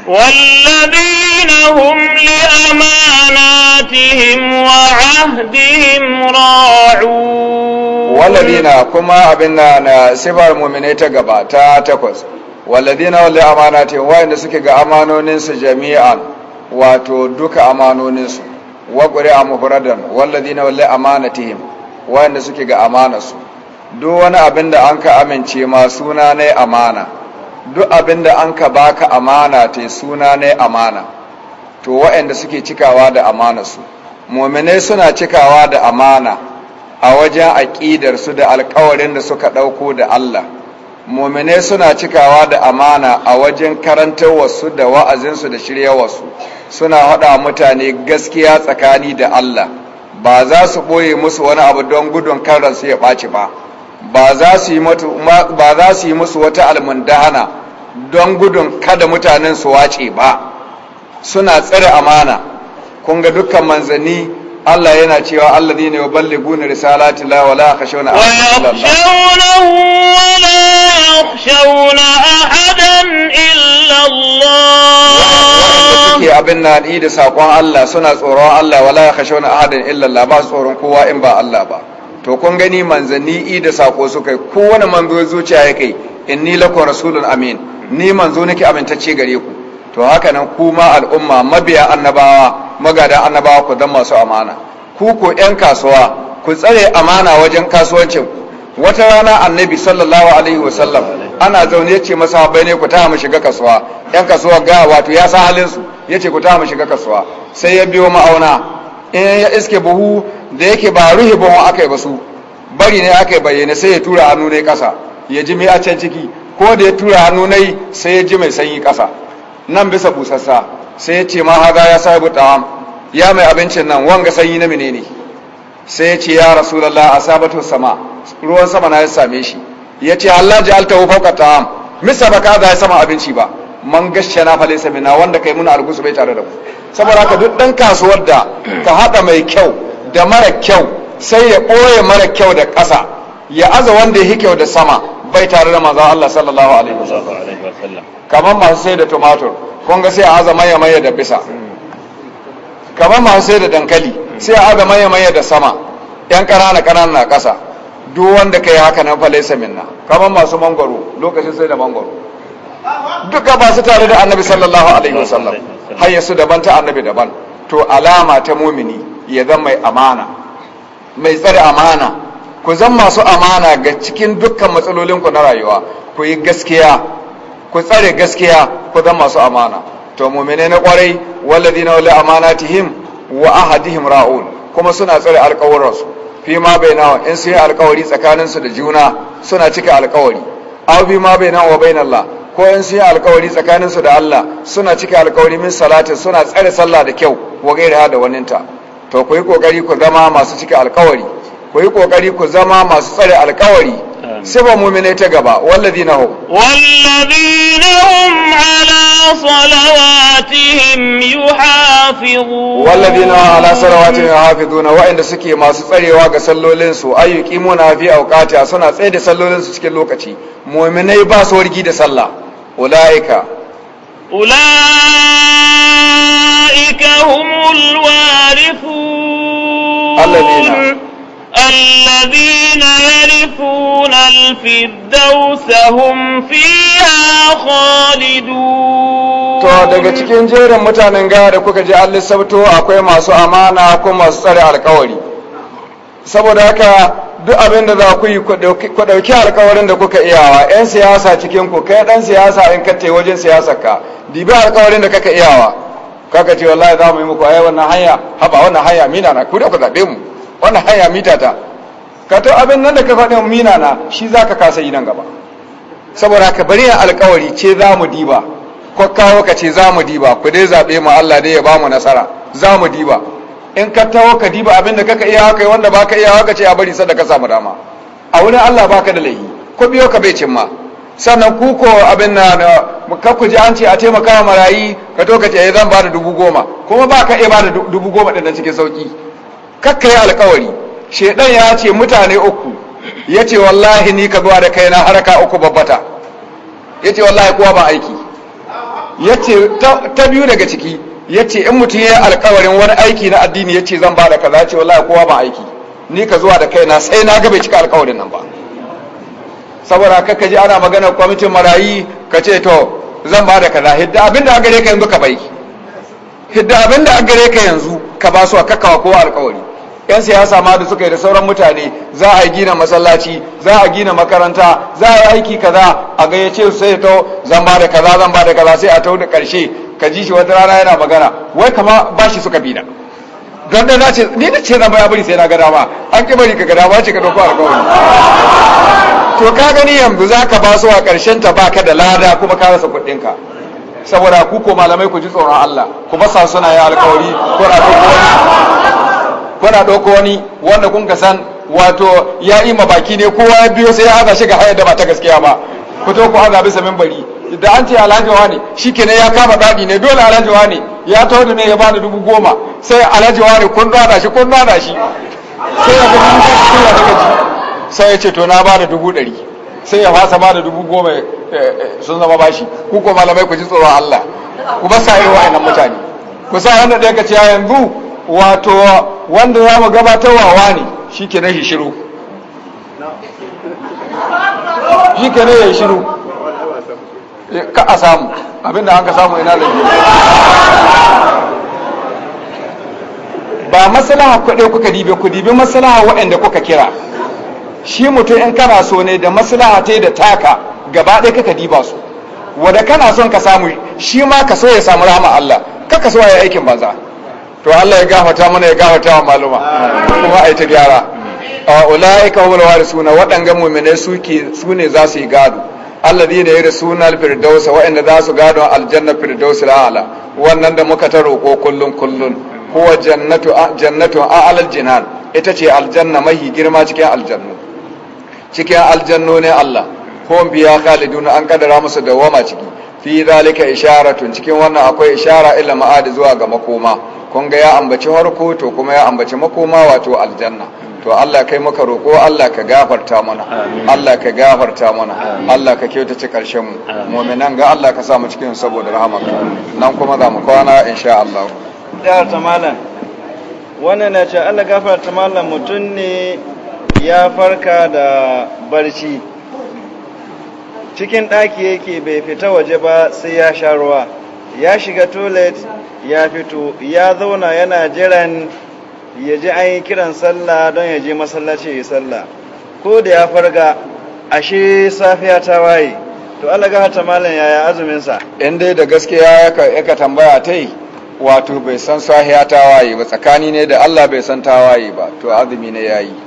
walladina hum li amanatihim wa ahdihim ra'u walladina kuma abinda na sifar mu'mine ta gaba ta takwas walladina walli amanatihim wa inda suke ga amanonin su jami'an wato duka amanonin su wa qur'a mufradan walladina walli amanatihim wanda suke ga amana su duk wani abin da an ka amince ma suna ne amana duk abin da an ka baka amana te suna ne amana to wayanda suke cikawa da amana su mu'minai suna cikawa da amana a wajen aƙidarsu su da alƙawarin da suka ɗauko da Allah muminai suna cikawa da amana a wajen karantar wasu da wa'azinsu da shirya wasu suna haɗa mutane gaskiya tsakani da Allah ba za su ɓoye musu wani abu don gudun karansu ya ɓaci ba ba za su yi musu wata almundahana don gudun kada mutanen su wace ba suna tsare amana kunga ga dukkan manzanni Allah yana cewa allah yuballiguna risalati la wa la yakhshawna wa la yakhshawna ahadan illa Allah suke abin nan da sakon Allah suna tsoron Allah wala yakhshawna ahadan illa Allah ba su tsoron kowa in ba Allah ba to kun gani manzanni i da sako suka yi kowane manzo zuciya ya kai inni lakum rasulun amin ni manzo nake amintacce gare ku to haka nan kuma al'umma mabiya annabawa magada annabawa ku dan masu amana ku ko yan kasuwa ku tsare amana wajen kasuwancin wata rana annabi sallallahu alaihi wasallam ana zaune ce bai ne ku ta mu shiga kasuwa yan kasuwa ga wato ya sa halin su yace ku ta mu shiga kasuwa sai ya biyo ma'auna in ya iske buhu da yake ba ruhi buhun akai ba su bari ne akai bayyana sai ya tura hannu ne kasa ya ji mai a can ciki ko da ya tura hannu nai sai ya ji mai sanyi kasa nan bisa busassa sai ya ce ma haga ya sabu ta'am ya mai abincin nan wanga sanyi na menene sai ya ce ya a asabatu sama ruwan sama na ya same shi ya ce Allah ji wufau ka ta'am misa baka da ya sama abinci ba man gashe na falisa na wanda kai muna argusu bai tare da ku. saboda haka duk ɗan kasuwar da ka haɗa mai kyau da mara kyau sai ya ɓoye mara kyau da ƙasa ya aza wanda ya yi kyau da sama bai tare da manzon Allah sallallahu alaihi wasallam kamar masu sai da tumatur kun ga sai a aza maye maye da bisa kamar masu sai da dankali sai a aza maye maye da sama yan ƙanana ƙanana na ƙasa duk wanda kai haka nan fa laysa minna kamar masu mangwaro lokacin sai da mangwaro duka ba su tare da annabi sallallahu alaihi wasallam har su daban ta annabi daban to alama ta mumini ya zama mai amana mai tsare amana ku zan masu amana ga cikin dukkan matsalolinku na rayuwa ku yi gaskiya ku tsare gaskiya ku zan masu amana to mumine na kwarai walladina amana amanatihim wa ahadihim ra'un kuma suna tsare alƙawuransu fi ma bainahu in su yi tsakanin tsakaninsu da juna suna cika alƙawari aw bi ma baina wa Allah ko in sun yi alkawari tsakaninsu da Allah suna cika alkawari min salatin suna tsare sallah da kyau wa gairaha da waninta to ku yi kokari ku zama masu cika alkawari ku yi kokari ku zama masu tsare alkawari sifa mu'minai ta gaba wallazina hum wallazina hum ala salawatihim yuhafizun na ala salawatihim yuhafizuna wa'inda suke masu tsarewa ga sallolin su muna fi a suna tsaye da sallolin su cikin lokaci mu'minai ba su wargi da sallah ulaika ulaika humul warithun الذين يرثون الفردوس هم فيها خالدون to daga cikin jerin mutanen gaya da kuka ji an lissabto akwai masu amana kuma masu tsare alkawari saboda haka duk abin da za ku yi ku ɗauki alkawarin da kuka iyawa 'yan siyasa cikin ku kai ɗan siyasa in ka te wajen siyasar ka dibi alkawarin da kaka iyawa kaka ce wallahi za mu yi muku ai wannan hanya haba wannan hanya mina na ku da ku zaɓe mu wannan haya mita ta ka to abin nan da ka faɗin mina na shi za ka kasa yi nan gaba saboda ka bari alkawari ce za mu diba ko kawo ka ce za mu diba ku dai zaɓe mu Allah dai ya ba mu nasara za mu diba in ka tawo ka diba abin da kaka iya haka wanda baka iya haka ce a bari sai da ka samu dama a wurin Allah baka da laifi ko biyo ka bai cin ma sannan ku ko abin na ka ku ji an ce a taimaka wa marayi ka to ka ce eh, zan ba da dubu goma kuma baka iya ba da dubu goma ɗin nan cikin sauki kakka yi alkawari shedan ya ce mutane uku ya ce wallahi ni ka zuwa da kai na haraka uku babbata ya ce wallahi kowa ba aiki ya ce ta biyu daga ciki ya ce in mutum ya yi alkawarin wani aiki na addini ya ce zan ba da kaza ya ce wallahi kowa ba aiki ni ka zuwa da kai na sai na ga bai cika alkawarin nan ba saboda kakka ji ana maganar kwamitin marayi ka ce to zan ba da kaza hidda abinda an gare ka yanzu ka bai da abin da an gare ka yanzu ka ba su a kakawa ko alkawari yan siyasa ma da suka yi da sauran mutane za a gina masallaci za a gina makaranta za a yi aiki kaza a gayyace su sai ta zan ba da kaza zan ba da kaza sai a tau da karshe ka ji shi wata rana yana magana wai kama ba shi suka bi na don da na ce ni da ce na baya bari sai na ga dama an ki bari ka ga dama ce ka dauko alkawari. to ka gani yanzu za ka ba su a ƙarshen ta ba ka da lada kuma ka rasa kuɗinka saboda ku ko malamai ku ji tsoron Allah ku sa suna ya alkawari kuna ɗauko wani wanda kun san wato ya yi baki ne kowa ya biyo sai ya haza shi ga hayar da ba ta gaskiya ba ku to ku haza bisa bari. da an ce alhaji wani shi kenan ya kama daɗi ne dole alhaji wani ya tawo da ne ya bani dubu goma sai alhaji wani kun dada shi kun dada shi sai ya ga mun sai ya ce to na bada dubu ɗari sai ya fasa ba da dubu goma eh, eh, sun zama bashi ku ko malamai ku ji tsoron Allah ku ba sa yi wa'annan mutane ku sa wanda da ce yanzu wato wanda za mu gabatarwa wani shi ke na shiru shi ke na ya shiru ka a samu abinda an ka samu ina da ba maslaha kuɗe kuka dibe ku dibe maslaha waɗanda kuka kira shi mutum in kana so ne da maslaha ta da taka gaba ɗaya kaka diba su wanda kana son ka samu shi ma ka so ya samu rahama Allah kaka so ya aikin banza to Allah ya gafarta mana ya gafarta wa maluma kuma ai ta gyara A ulaika humul warisuna waɗanga mu'minai suke su ne za su yi gado alladhina da al-firdaus wa'inda za su gado aljanna firdaus ala wannan da muka ta roƙo kullun kullun huwa jannatu jannatu aljanna al-jinan ita ce aljanna mahi girma cikin aljannu cikin ne Allah ko biya khalidun an kaddara musu dawama ciki fi zalika isharatun cikin wannan akwai ishara ila ma'ad zuwa ga makoma kun ga ya ambaci harko to kuma ya ambaci makoma wato aljanna to Allah kai muka roƙo Allah ka gafarta mana Allah ka gafarta mana Allah ka ci ƙarshen mu mu'minan ga Allah ka sa mu cikin saboda rahamarka nan kuma za mu kwana insha Allah da ta malam wannan na ce Allah gafarta malam mutum ne ya farka da barci cikin ɗaki yake bai fita waje ba sai ya sha ruwa ya shiga toilet ya fito ya zauna yana jiran ya ji an yi kiran sallah don ya je masallaci ya sallah ko da ya farga ashe safiya ta waye to alaga ta malam yaya azuminsa in dai da gaskiya ka tambaya ta wato bai san safiya ta waye ba tsakani ne da allah bai san ta waye ba to azumi ne yayi.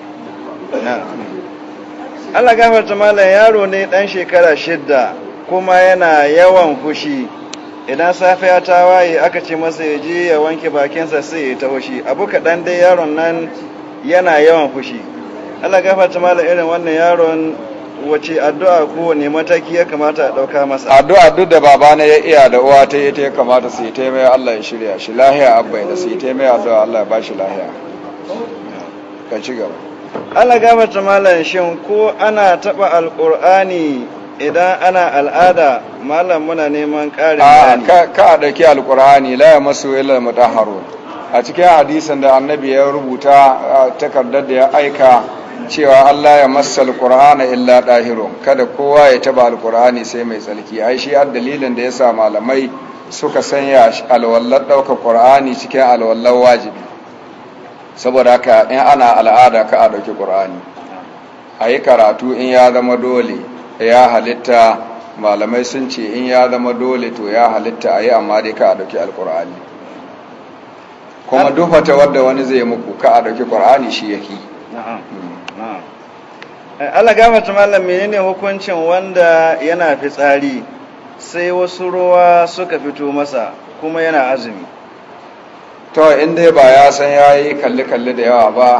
Allah gafarta malam yaro ne dan shekara shidda kuma yana yawan fushi idan safiya ta waye aka ce masa ya je ya wanke bakinsa sai ya ta fushi abu kaɗan dai yaron nan yana yawan fushi Allah gafarta malam irin wannan yaron wace addu'a ne mataki ya kamata a ɗauka masa addu'a duk da babana ya iya da uwa ta yi ta ya kamata su yi taimaya Allah ya shirya shi lahiya abba ya su yi taimaya Allah ya ba shi lahiya ka ci gaba Allah gabata malam shin ko ana taba alqur'ani idan ana al'ada malam muna neman ƙarin bayani ka ka dake alqur'ani la yamasu illa mutahharun a cikin hadisin da annabi ya rubuta takardar da ya aika cewa Allah ya massa alqur'ana illa dahirun kada kowa ya taba alqur'ani sai mai tsarki ai shi har dalilin da yasa malamai suka sanya alwallar ɗaukar ƙur'ani cikin alwallar wajibi saboda haka in ana al'ada ka a ɗauki ƙur'ani a yi karatu in ya zama dole ya halitta malamai sun ce in ya zama dole to ya halitta a yi amma dai ka a ɗauki alƙur'ani kuma duk wata wadda wani zai muku ka a ɗauki ƙur'ani shi ya ki hmm. eh, Allah ta malam menene hukuncin wanda yana fitsari sai wasu ruwa suka fito masa kuma yana azumi to in dai ba ya san ya yi kalli-kalli da yawa ba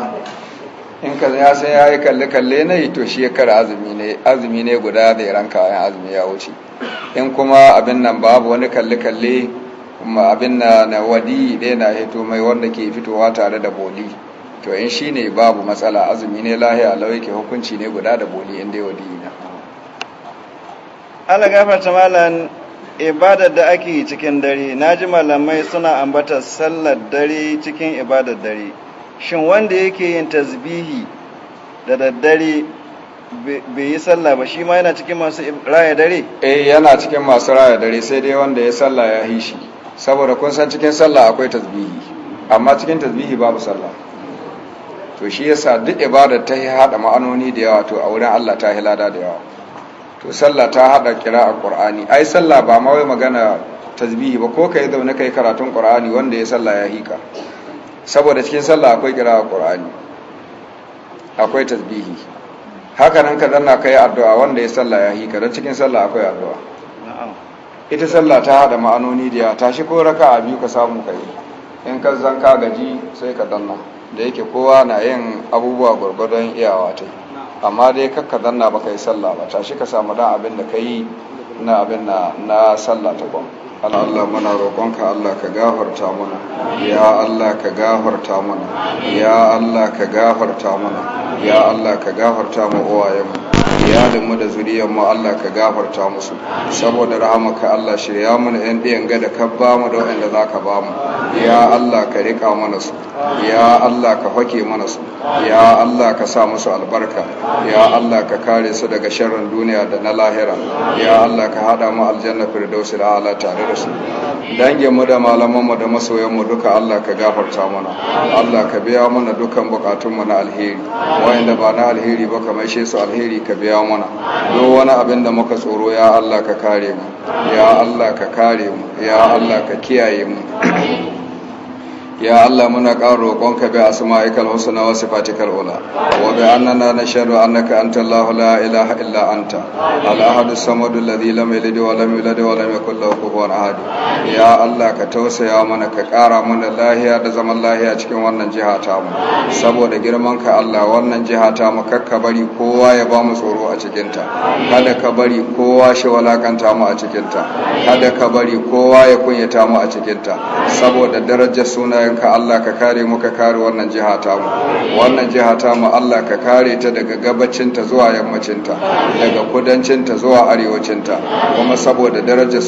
in ka ya san ya yi kalli-kalli na yi to shi kar azumi ne azumi ne guda da iran kayan azumi ya wuce in kuma abin nan babu wani kalli-kalli, kuma abin na na wadi ɗaya na hito mai wanda ke fitowa tare da boli to in shi ne babu matsala azumi ne lahiya lau yake hukunci ne guda da boli in dai wadi na. Allah gafarta malam ibadar da ake yi cikin dare na ji malamai suna ambatar sallar dare cikin ibadar dare shin wanda yake yin tasbihi da daddare bai yi sallah ba shi ma yana cikin masu raya dare eh yana cikin masu raya dare sai dai wanda ya sallah ya yi shi saboda kun san cikin sallah akwai tasbihi amma cikin tasbihi babu sallah to shi yasa duk ibadar ta yi hada ma'anoni da yawa to a wurin Allah ta yi lada da yawa to sallah ta hada kira a qur'ani ai sallah ba ma wai magana tasbihi ba ko kai zaune kai karatun qur'ani wanda ya sallah ya hika saboda cikin sallah akwai kira a qur'ani akwai tasbihi haka nan ka zanna kai addu'a wanda ya sallah ya hika don cikin sallah akwai addu'a ita sallah ta hada ma'anoni da ya tashi ko a biyu ka samu kai in ka zan ka gaji sai ka danna da yake kowa na yin abubuwa gwargwadon iyawa ta yi amma dai kakka danna baka yi sallah ba tashi ka samu dan abin da ka yi na abin na sallah ta gwamnati Allah muna roƙonka Allah ka gafarta mana ya Allah ka gafarta mana ya Allah ka gafarta mana ya Allah ka gafarta mu uwayenmu iyalinmu da zuriyarmu Allah ka gafarta musu saboda rahamaka Allah shirya mana yan ɗiyan gada ka ba mu da waɗanda za ka ba mu ya Allah ka riƙa mana su ya Allah ka hake mana su ya Allah ka sa musu albarka ya Allah ka kare su daga sharrin duniya da na lahira ya Allah ka haɗa mu aljanna firdausi da ala tare da su danginmu da malamanmu da masoyanmu duka Allah ka gafarta mana Allah ka biya mana dukan bukatunmu na alheri wayanda ba na alheri ba ka maishe su alheri ka biya mana duk wani abin da muka tsoro ya Allah ka kare mu ya Allah ka kare mu ya Allah ka kiyaye mu ya Allah muna ƙara roƙonka bi asma'ikal husna wa sifatikal ula wa bi annana nashhadu annaka antal lahu la ilaha illa anta al ahad samad alladhi lam yalid wa lam yulad wa lam yakul lahu kufuwan ahad ya Allah ka tausaya mana ka ƙara mana lahiya da zaman lahiya cikin wannan jiha ta mu saboda girman ka Allah wannan jiha ta mu kakka bari kowa ya ba mu tsoro a cikin kada ka bari kowa shi walakanta mu a cikin ta kada ka bari kowa ya kunyata mu a cikinta. ta saboda darajar sunayen ka Allah ka kare mu kare wannan jiha ta mu wannan jiha ta mu Allah ka kare ta daga gabacin ta zuwa yammacin daga kudancinta ta zuwa arewacin kuma saboda darajar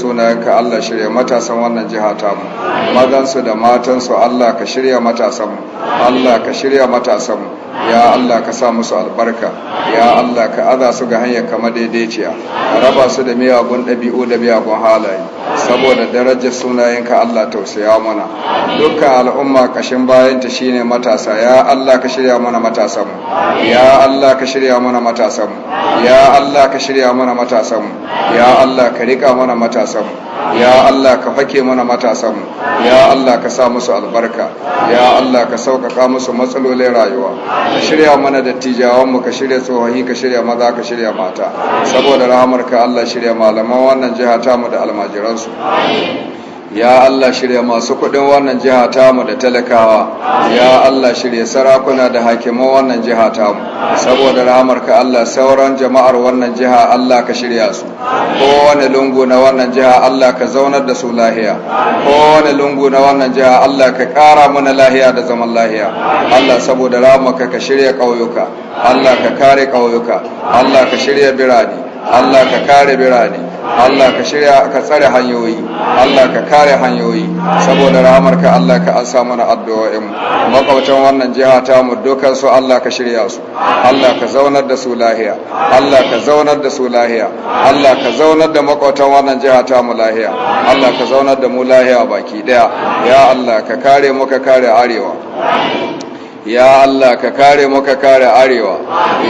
ka Allah shirya matasan wannan jiha ta mu mazan su da matan su Allah ka shirya matasan mu Allah ka shirya matasan mu ya Allah ka sa musu albarka ya Allah ka aza su ga hanyar kama daidaiciya ka raba su da miyagun ɗabi'u da miyagun halaye saboda darajar sunayenka Allah tausaya mana dukkan al'umma kashin bayanta shine matasa ya Allah ka shirya mana matasan mu ya Allah ka shirya mana matasan mu ya Allah ka shirya mana matasan mu ya Allah ka rika mana matasan mu ya Allah ka fake mana matasan mu ya Allah ka sa musu albarka ya Allah ka sauƙaƙa musu matsalolin rayuwa ka shirya mana dattijawan mu ka shirya tsohahi ka shirya maza ka shirya mata saboda rahamarka Allah shirya malaman wannan jiha ta mu da almajiransu ya Allah shirya masu kuɗin wannan jiha tamu da talakawa ya Allah shirya sarakuna da hakiman wannan jiha tamu saboda ka Allah sauran jama'ar wannan jiha Allah ka shirya su kowane lungu na wannan jiha Allah ka zaunar da su lahiya kowane lungu na wannan jiha Allah ka ƙara mana lahiya da zaman lahiya Allah saboda rahamarka ka shirya ƙauyuka Allah ka kare ƙauyuka Allah ka shirya birane Allah ka kare birane Allah ka shirya ka tsare hanyoyi Allah ka kare hanyoyi saboda rahamarka Allah ka an samu na addu'o'in makwabtan wannan jiha ta mu dukan su Allah ka shirya su Allah ka zaunar da su lahiya Allah ka zaunar da su lahiya Allah ka zaunar da makwabtan wannan jiha ta mu lahiya Allah ka zaunar da mu lahiya baki daya ya Allah ka kare mu ka kare arewa ya Allah ka kare muka kare arewa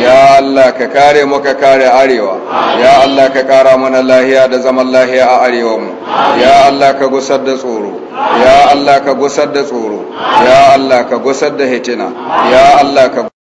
ya Allah ka kare muka kare arewa ya Allah ka kara mana lahiya da zaman lahiya a arewa mu ya Allah ka gusar da tsoro ya Allah ka gusar da tsoro ya Allah ka gusar da hitina ya Allah ka